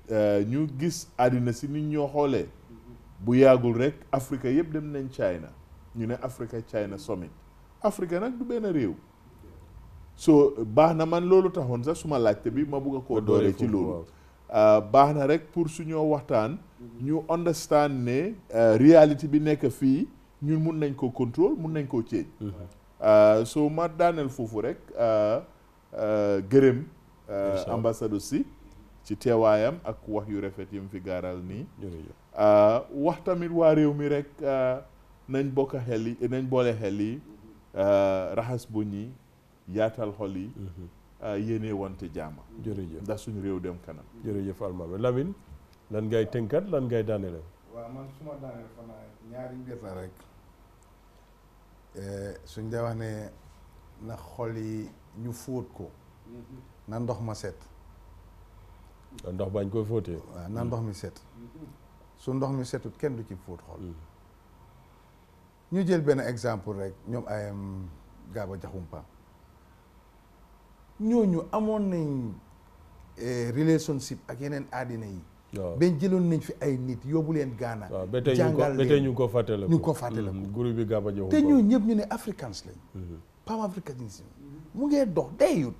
ñu gis àddina si nit ñoo xoolee bu yàggul rek Afrique yëpp dem nañ China ñu ne Africa China Summit Afrique nag du benn réew so baax na man loolu taxoon sax suma laajte bi ma bugg a koo dooree ci loolu ah, baax na rek pour suñoo waxtaan mhm. ñu understand ne ah, réalité bi nekk fii ñun mun nañ koo contrôle mun nañ koo change mhm. ah, so ma daaneel foofu rek gërëm ambassadeur si ci teewaayam ak wax yu rafet yi mu fi gaaral nii wax tamit waa réew mi rek nañ bokk xel yi nañ boole xel yi mhm. raxas bu ñi yaatal xol yi mhm. yéene wante jaama jërëjëf ndax suñu réew dem kanam jërëjëf almaami Lamine lan ngay tënkat lan ngay daanele waaw ñaari mbir rek eh, suñ dee wax ne na xol yi ñu fóot ko mhm. na ndox ma set ndox bañ koy fóotee waaw na ndox mi set mhm. su ndox mi setut kenn du ci fóot xol ñu jël benn exemple rek ñoom ayam gaaba jaxumpa ñooñu amoon nañ eh, relationship ak yeneen aadina yi. waaw ben jëloon nañ fi ay nit yóbbu leen Ghana. jàngal leen ñu ko fàttaliku ñu ko fàttaliku mm-hmm. groupe bi Gaba Joxum te ñooñu ñëpp ñu ne africans lañ. Mm-hmm. panafricanisme mu ngee dox dayut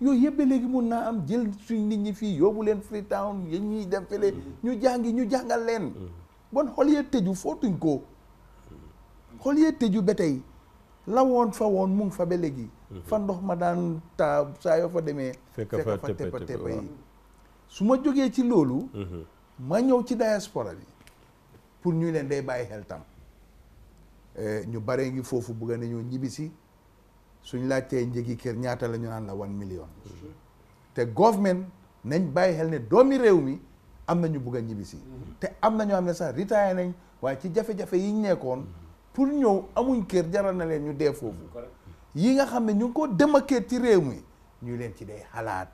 yooyu yëpp léegi mun naa am jël suñ nit ñi fii yóbbu leen Freetown yéen ñuy dem fële mm-hmm. ñu jàngi ñu jàngal leen. bon xool yee tëju footuñ ko. xool yee tëju ba tey la woon fa woon mu fa ba léegi. fa ndox ma daan taa saa yoo fa demee fekk fa teppa teppa yi su ma jógee ci loolu mhm. ma ñëw ci diaspora bi pour ñu leen day bàyyi xel tam eh, ñu bare ngi foofu bugga nañoo ñibbisi suñ laajtee njëgi kër ñaata lañu ñu naan la one million mhm. te government nañ bàyyi xel ne doomi réew mi am na ñu bugg a ñibbisi mhm. te am na ñoo xam ne sax retire nañ waaye ci jafe-jafe yiñ nekkoon pour ñëw amuñ kër jaral na leen ñu dee foofu yi nga xam ne ñu ngi ko démarqué ci réew mi ñu leen ci day xalaat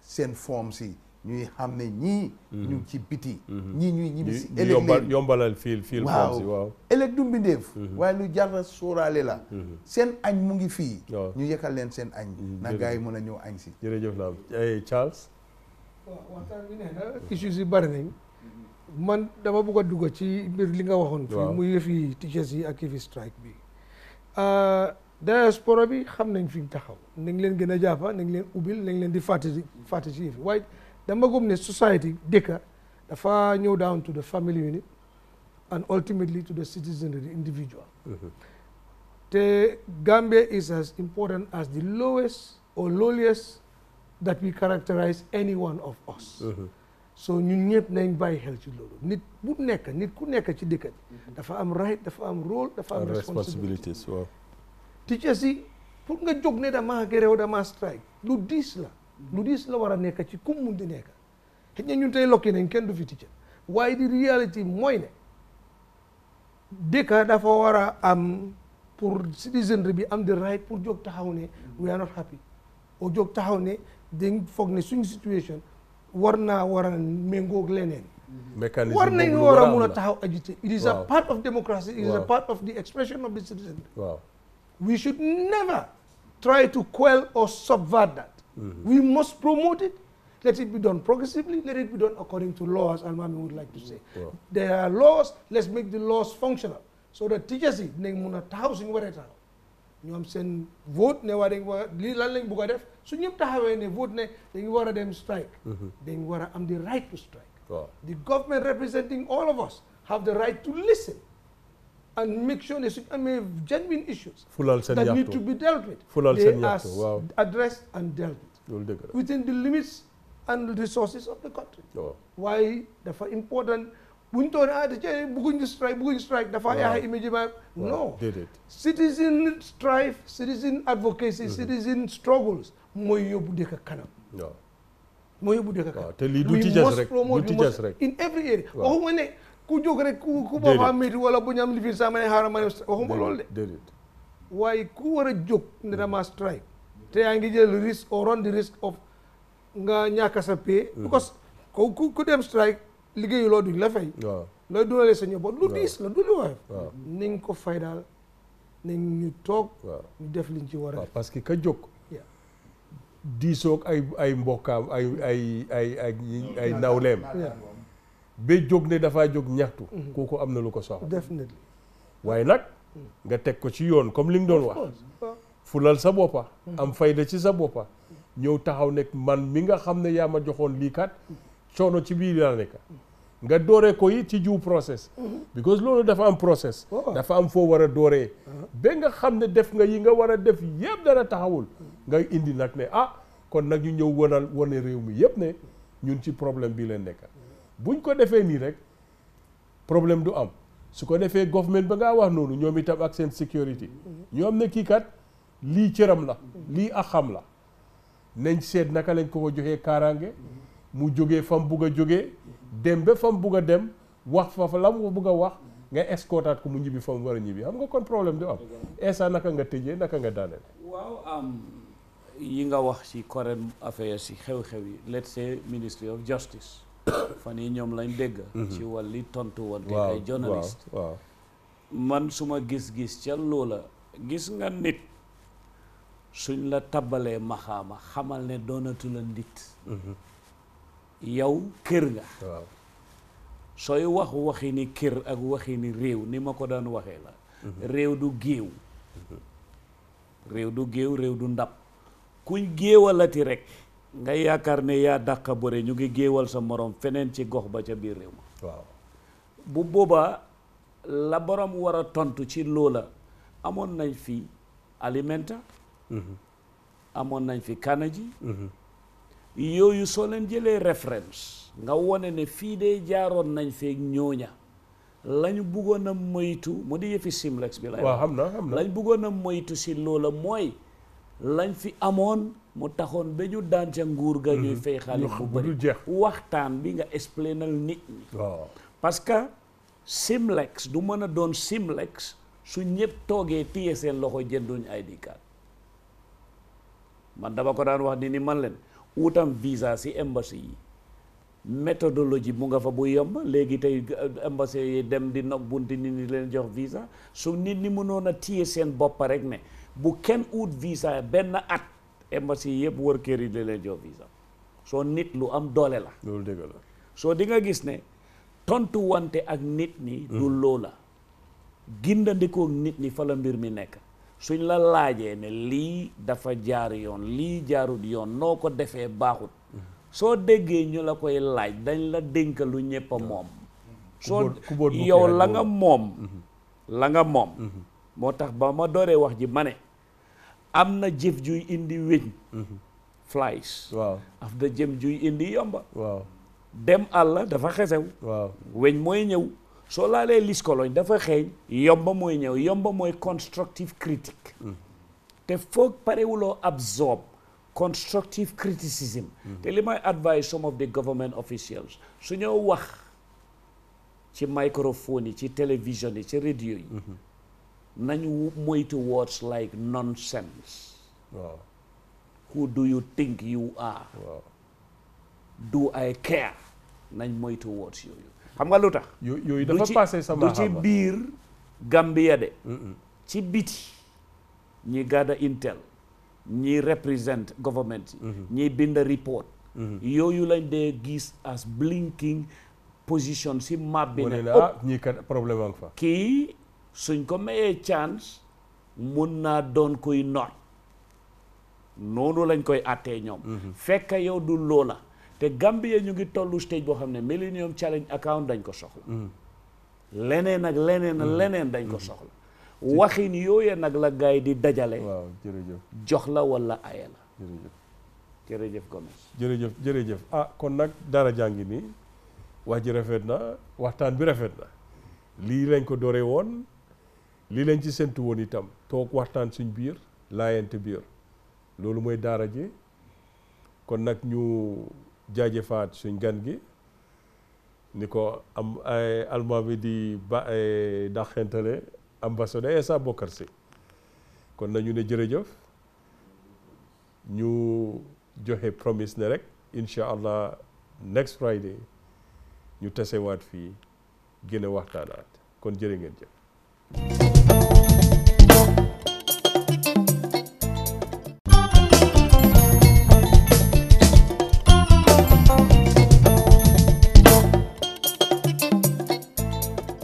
seen forme si ñuy xam ne ñii mm-hmm. ñu ngi ci biti mm-hmm. ñii ñuy ñibbi si ëllëg yombalal fiil fiil forme si waaw mm-hmm. mu ngi fii ñu yëkkal leen seen añ na mën a ñëw añ jërëjëf la eh, Charles waaw na yi bari nañ man dama bëgg a dugg ci mbir li nga waxoon fii mu yëfi teachers yi ak yëfi strike bi ah, diaspora bi xam nañ fi ñu taxaw nañ leen gën a jàppa nañ leen ubbil nañ leen di fàttali fàttali ci yëf yi waaye dama gëm ne society dëkka dafa ñëw down to the family unit and ultimately to the citizen the individual mm-hmm. te Gambia is as important as the lowest or lowliest that we characterize any one of us mm-hmm. so ñun ñëpp nañ bàyyi xel ci loolu nit bu nekk nit ku nekk ci dëkk mm-hmm. dafa am right dafa am rôle dafa am responsibilities teachers si pour nga jóg ne damaa gerew damaa strike lu diis la lu diis la war a nekk ci kum mun di nekk xëy na ñun tey lokki nañ kenn du fi teacher waaye di réalité mooy ne dëkka dafa war a am pour citizenry bi am the right pour jog taxaw ne we are not happy o jóg taxaw ne dañ foog ne suñ situation war naa war a méngoog leneen mécanisme war nañ war a mun a taxaw agité it is a part of democracy it is a part of the expression of the citizenry We should never try to quell or subvert that. Mm -hmm. We must promote it. Let it be done progressively. Let it be done according to laws, Almami would like to say. Mm-hmm. There are laws. Let's make the laws functional. So the teachers yi dinañ mun a taxaw suñu waree taxaw ñoom i vote ne vote. dañ war lii lan lañ bugg a def su ñëpp taxawee vote ne dañ war strike. Then war a am the right to strike. the government representing all of us have the right to listen. and make sure they should, I mean, genuine issues that need to be dealt with. Fulal they are wow. addressed and dealt with within the limits and resources of the country. Oh. Why dafa important bu ñu toon ah dace bëgguñu strike bëgguñu strike dafa yaay image ba no citizen strife citizen advocacy mm-hmm. citizen struggles mooy yóbbu dëkk kanam mooy yóbbu dëkk kanam te lii du tijaas rek du tijaas rek in every area waxuma ne ku jóg rek ku ku boppam am métti wala bu ñu am lifin sax ma ne xaaral waaye ku war a jóg ne dama strike te yaa ngi jël risque or run the risk of nga ñàkk sa paie mm-hmm. because ku ku ku dem strike liggéeyu loo duñ la fay waaw looy dundalee sa njaboot lu diis la du lu woyof ko fay daal nañ ñu toog ñu def liñ ci war a parce que ka jóg diisoog ay ay mbokkaam ay ay ay ay ay nawleem ba jóg ne dafaa jóg ñaxtu. Mhm. kooku am na lu ko soxla. definitely waaye nag nga teg ko ci yoon comme li nga doon wax. fulal sa boppa mhm. am fayda ci sa boppa ñëw taxaw nekk man mi nga xam ne yaa ma joxoon lii kat coono ci biir laa nga dooree ko yi ci jiw process. Mhm. because loolu dafa am process. dafa am foo war a dooree. Uh-huh. be nga xam ne def nga yi nga war a def yëpp dara taxawul. nga indi nag ne ah kon nag ñu ñëw wanal wane réew mi yëpp ne ñun ci problème bii leen nekk. buñ ko defee nii rek problème du am su ko defee government ba ngaa wax noonu ñoom itam ak seen sécurité ñoom ne kii kat lii cëram la lii xam la nañ seet naka lañ ko ko joxee kaaraange mu jógee fam bugg a jógee dem ba fam bugg a dem wax fa la mu bugg a wax nga escortaat ko mu ñibbi fam war a ñibbi xam nga kon problème du am eesa naka nga tëjee naka nga daaneel waaw yi nga wax ci current affaire si xew-xew yi let's say ministry of justice fan yi ñoom lañ dégg. Mhm. ci wàlli tontu wante ay journaliste man suma gis-gis ca loola gis nga nit suñ la tabalee maxaama xamal ne doonatu la nit mhm. yow kër nga sooy wax waxi kër ak waxi réew ni ma ko daan waxe la mhm. réew du géew réew du géew réew du ndab kuñ géewalati rek nga yaakaar ne yaa daq a bëre ñu ngi géewal sa morom feneen ci gox ba ca biir réew ma waaw bu boobaa la borom war a tontu ci loola amoon nañ fi alimenta mhm. amoon nañ fi kanaji mhm. yooyu soo leen jëlee référence nga wone ne fii de jaaroon nañ feeg ñooña lañu buggoon a moytu mu di yëfi simlex bi la waaw xam na xam na bëggoon a moytu si loola mooy lañ fi amone mu taxone beñu dante daan nguur ga ñuy fay xali ko bari waxtaan bi nga explainal nit ñi parce que Simlex du meuna don Simlex su ñepp toge téye loxo jënduñ ID card man dama ko daan wax ni man len utam visa si embassy méthodologie mu nga fa bu yomb légui tay embassy yi dem di nok bunti nit ñi leen jox visa su nit ñi mënon na téye bop rek ne bu kenn uut visa benn at embassy yëpp wër kër yi di visa soo nit lu am doole la. soo di nga gis ne tontu wante ak nit ñi. Mm. du loola. gindandikoo nit ñi fa la mbir mi nekk suñ la laajee ne lii dafa jaar yoon lii jaarut yoon noo ko defee baaxut. Mm. soo déggee ñu la koy laaj dañ la dénk lu ñëpp a moom. soo yow la nga moom. la nga moom. Mm-hmm. moo tax ba ma dooree wax ji ma ne. am na jëf juy indi weñ mhm. flies waaw af da jëm juy indi yomba waaw dem àll dafa xesew weñ mooy ñëw soo laalee liskoloñ dafa xeeñ yomba mooy ñëw yomba mooy constructive critique mhm. te foog parewuloo absorb constructive criticism mhm. te li may advise some of the government officials su ñoo wax ci microphone yi ci télévision yi ci radio yi nañu moytu words like nonsense waaw who do you think you are do I care nañ moytu words yooyu xam nga lu tax yooyu dafa passé sama du ci biir Gambia de ci biti ñi gada intel ñi represent government mm-hmm. ñi bind report mm-hmm. yooyu lañ dee gis as blinking position si map bi ne oh, ah, ñii kat problème fa kii suñ ko mayee chance mun naa doon kuy noot noonu lañ koy àttee ñoom mhm. fekk yow du loola te Gambie ñu ngi tollu stage boo xam ne Millennium Challenge account dañ ko soxla mhm. leneen ak leneen mhm. leneen dañ ko soxla waxin yooye nag la gars yi di dajale jox la walla aye la jërëjëf jërëjëf Gomes ah kon nag dara jàngi nii wax ji rafet na waxtaan bi rafet na lii lañ ko dooree woon lii leen ci séntu woon itam toog waxtaan suñ biir laayante biir loolu mooy daara ji kon nag ñu jaajëfaat suñ gan gi ni ko am almaa bi di ba daxentale ambassadeur Essa Bokarr Sy kon nañu ne jërëjëf ñu joxe promise ne rek incha allah next Friday ñu tasewaat fii gën a waxtaanaat kon jërë ngeen jëf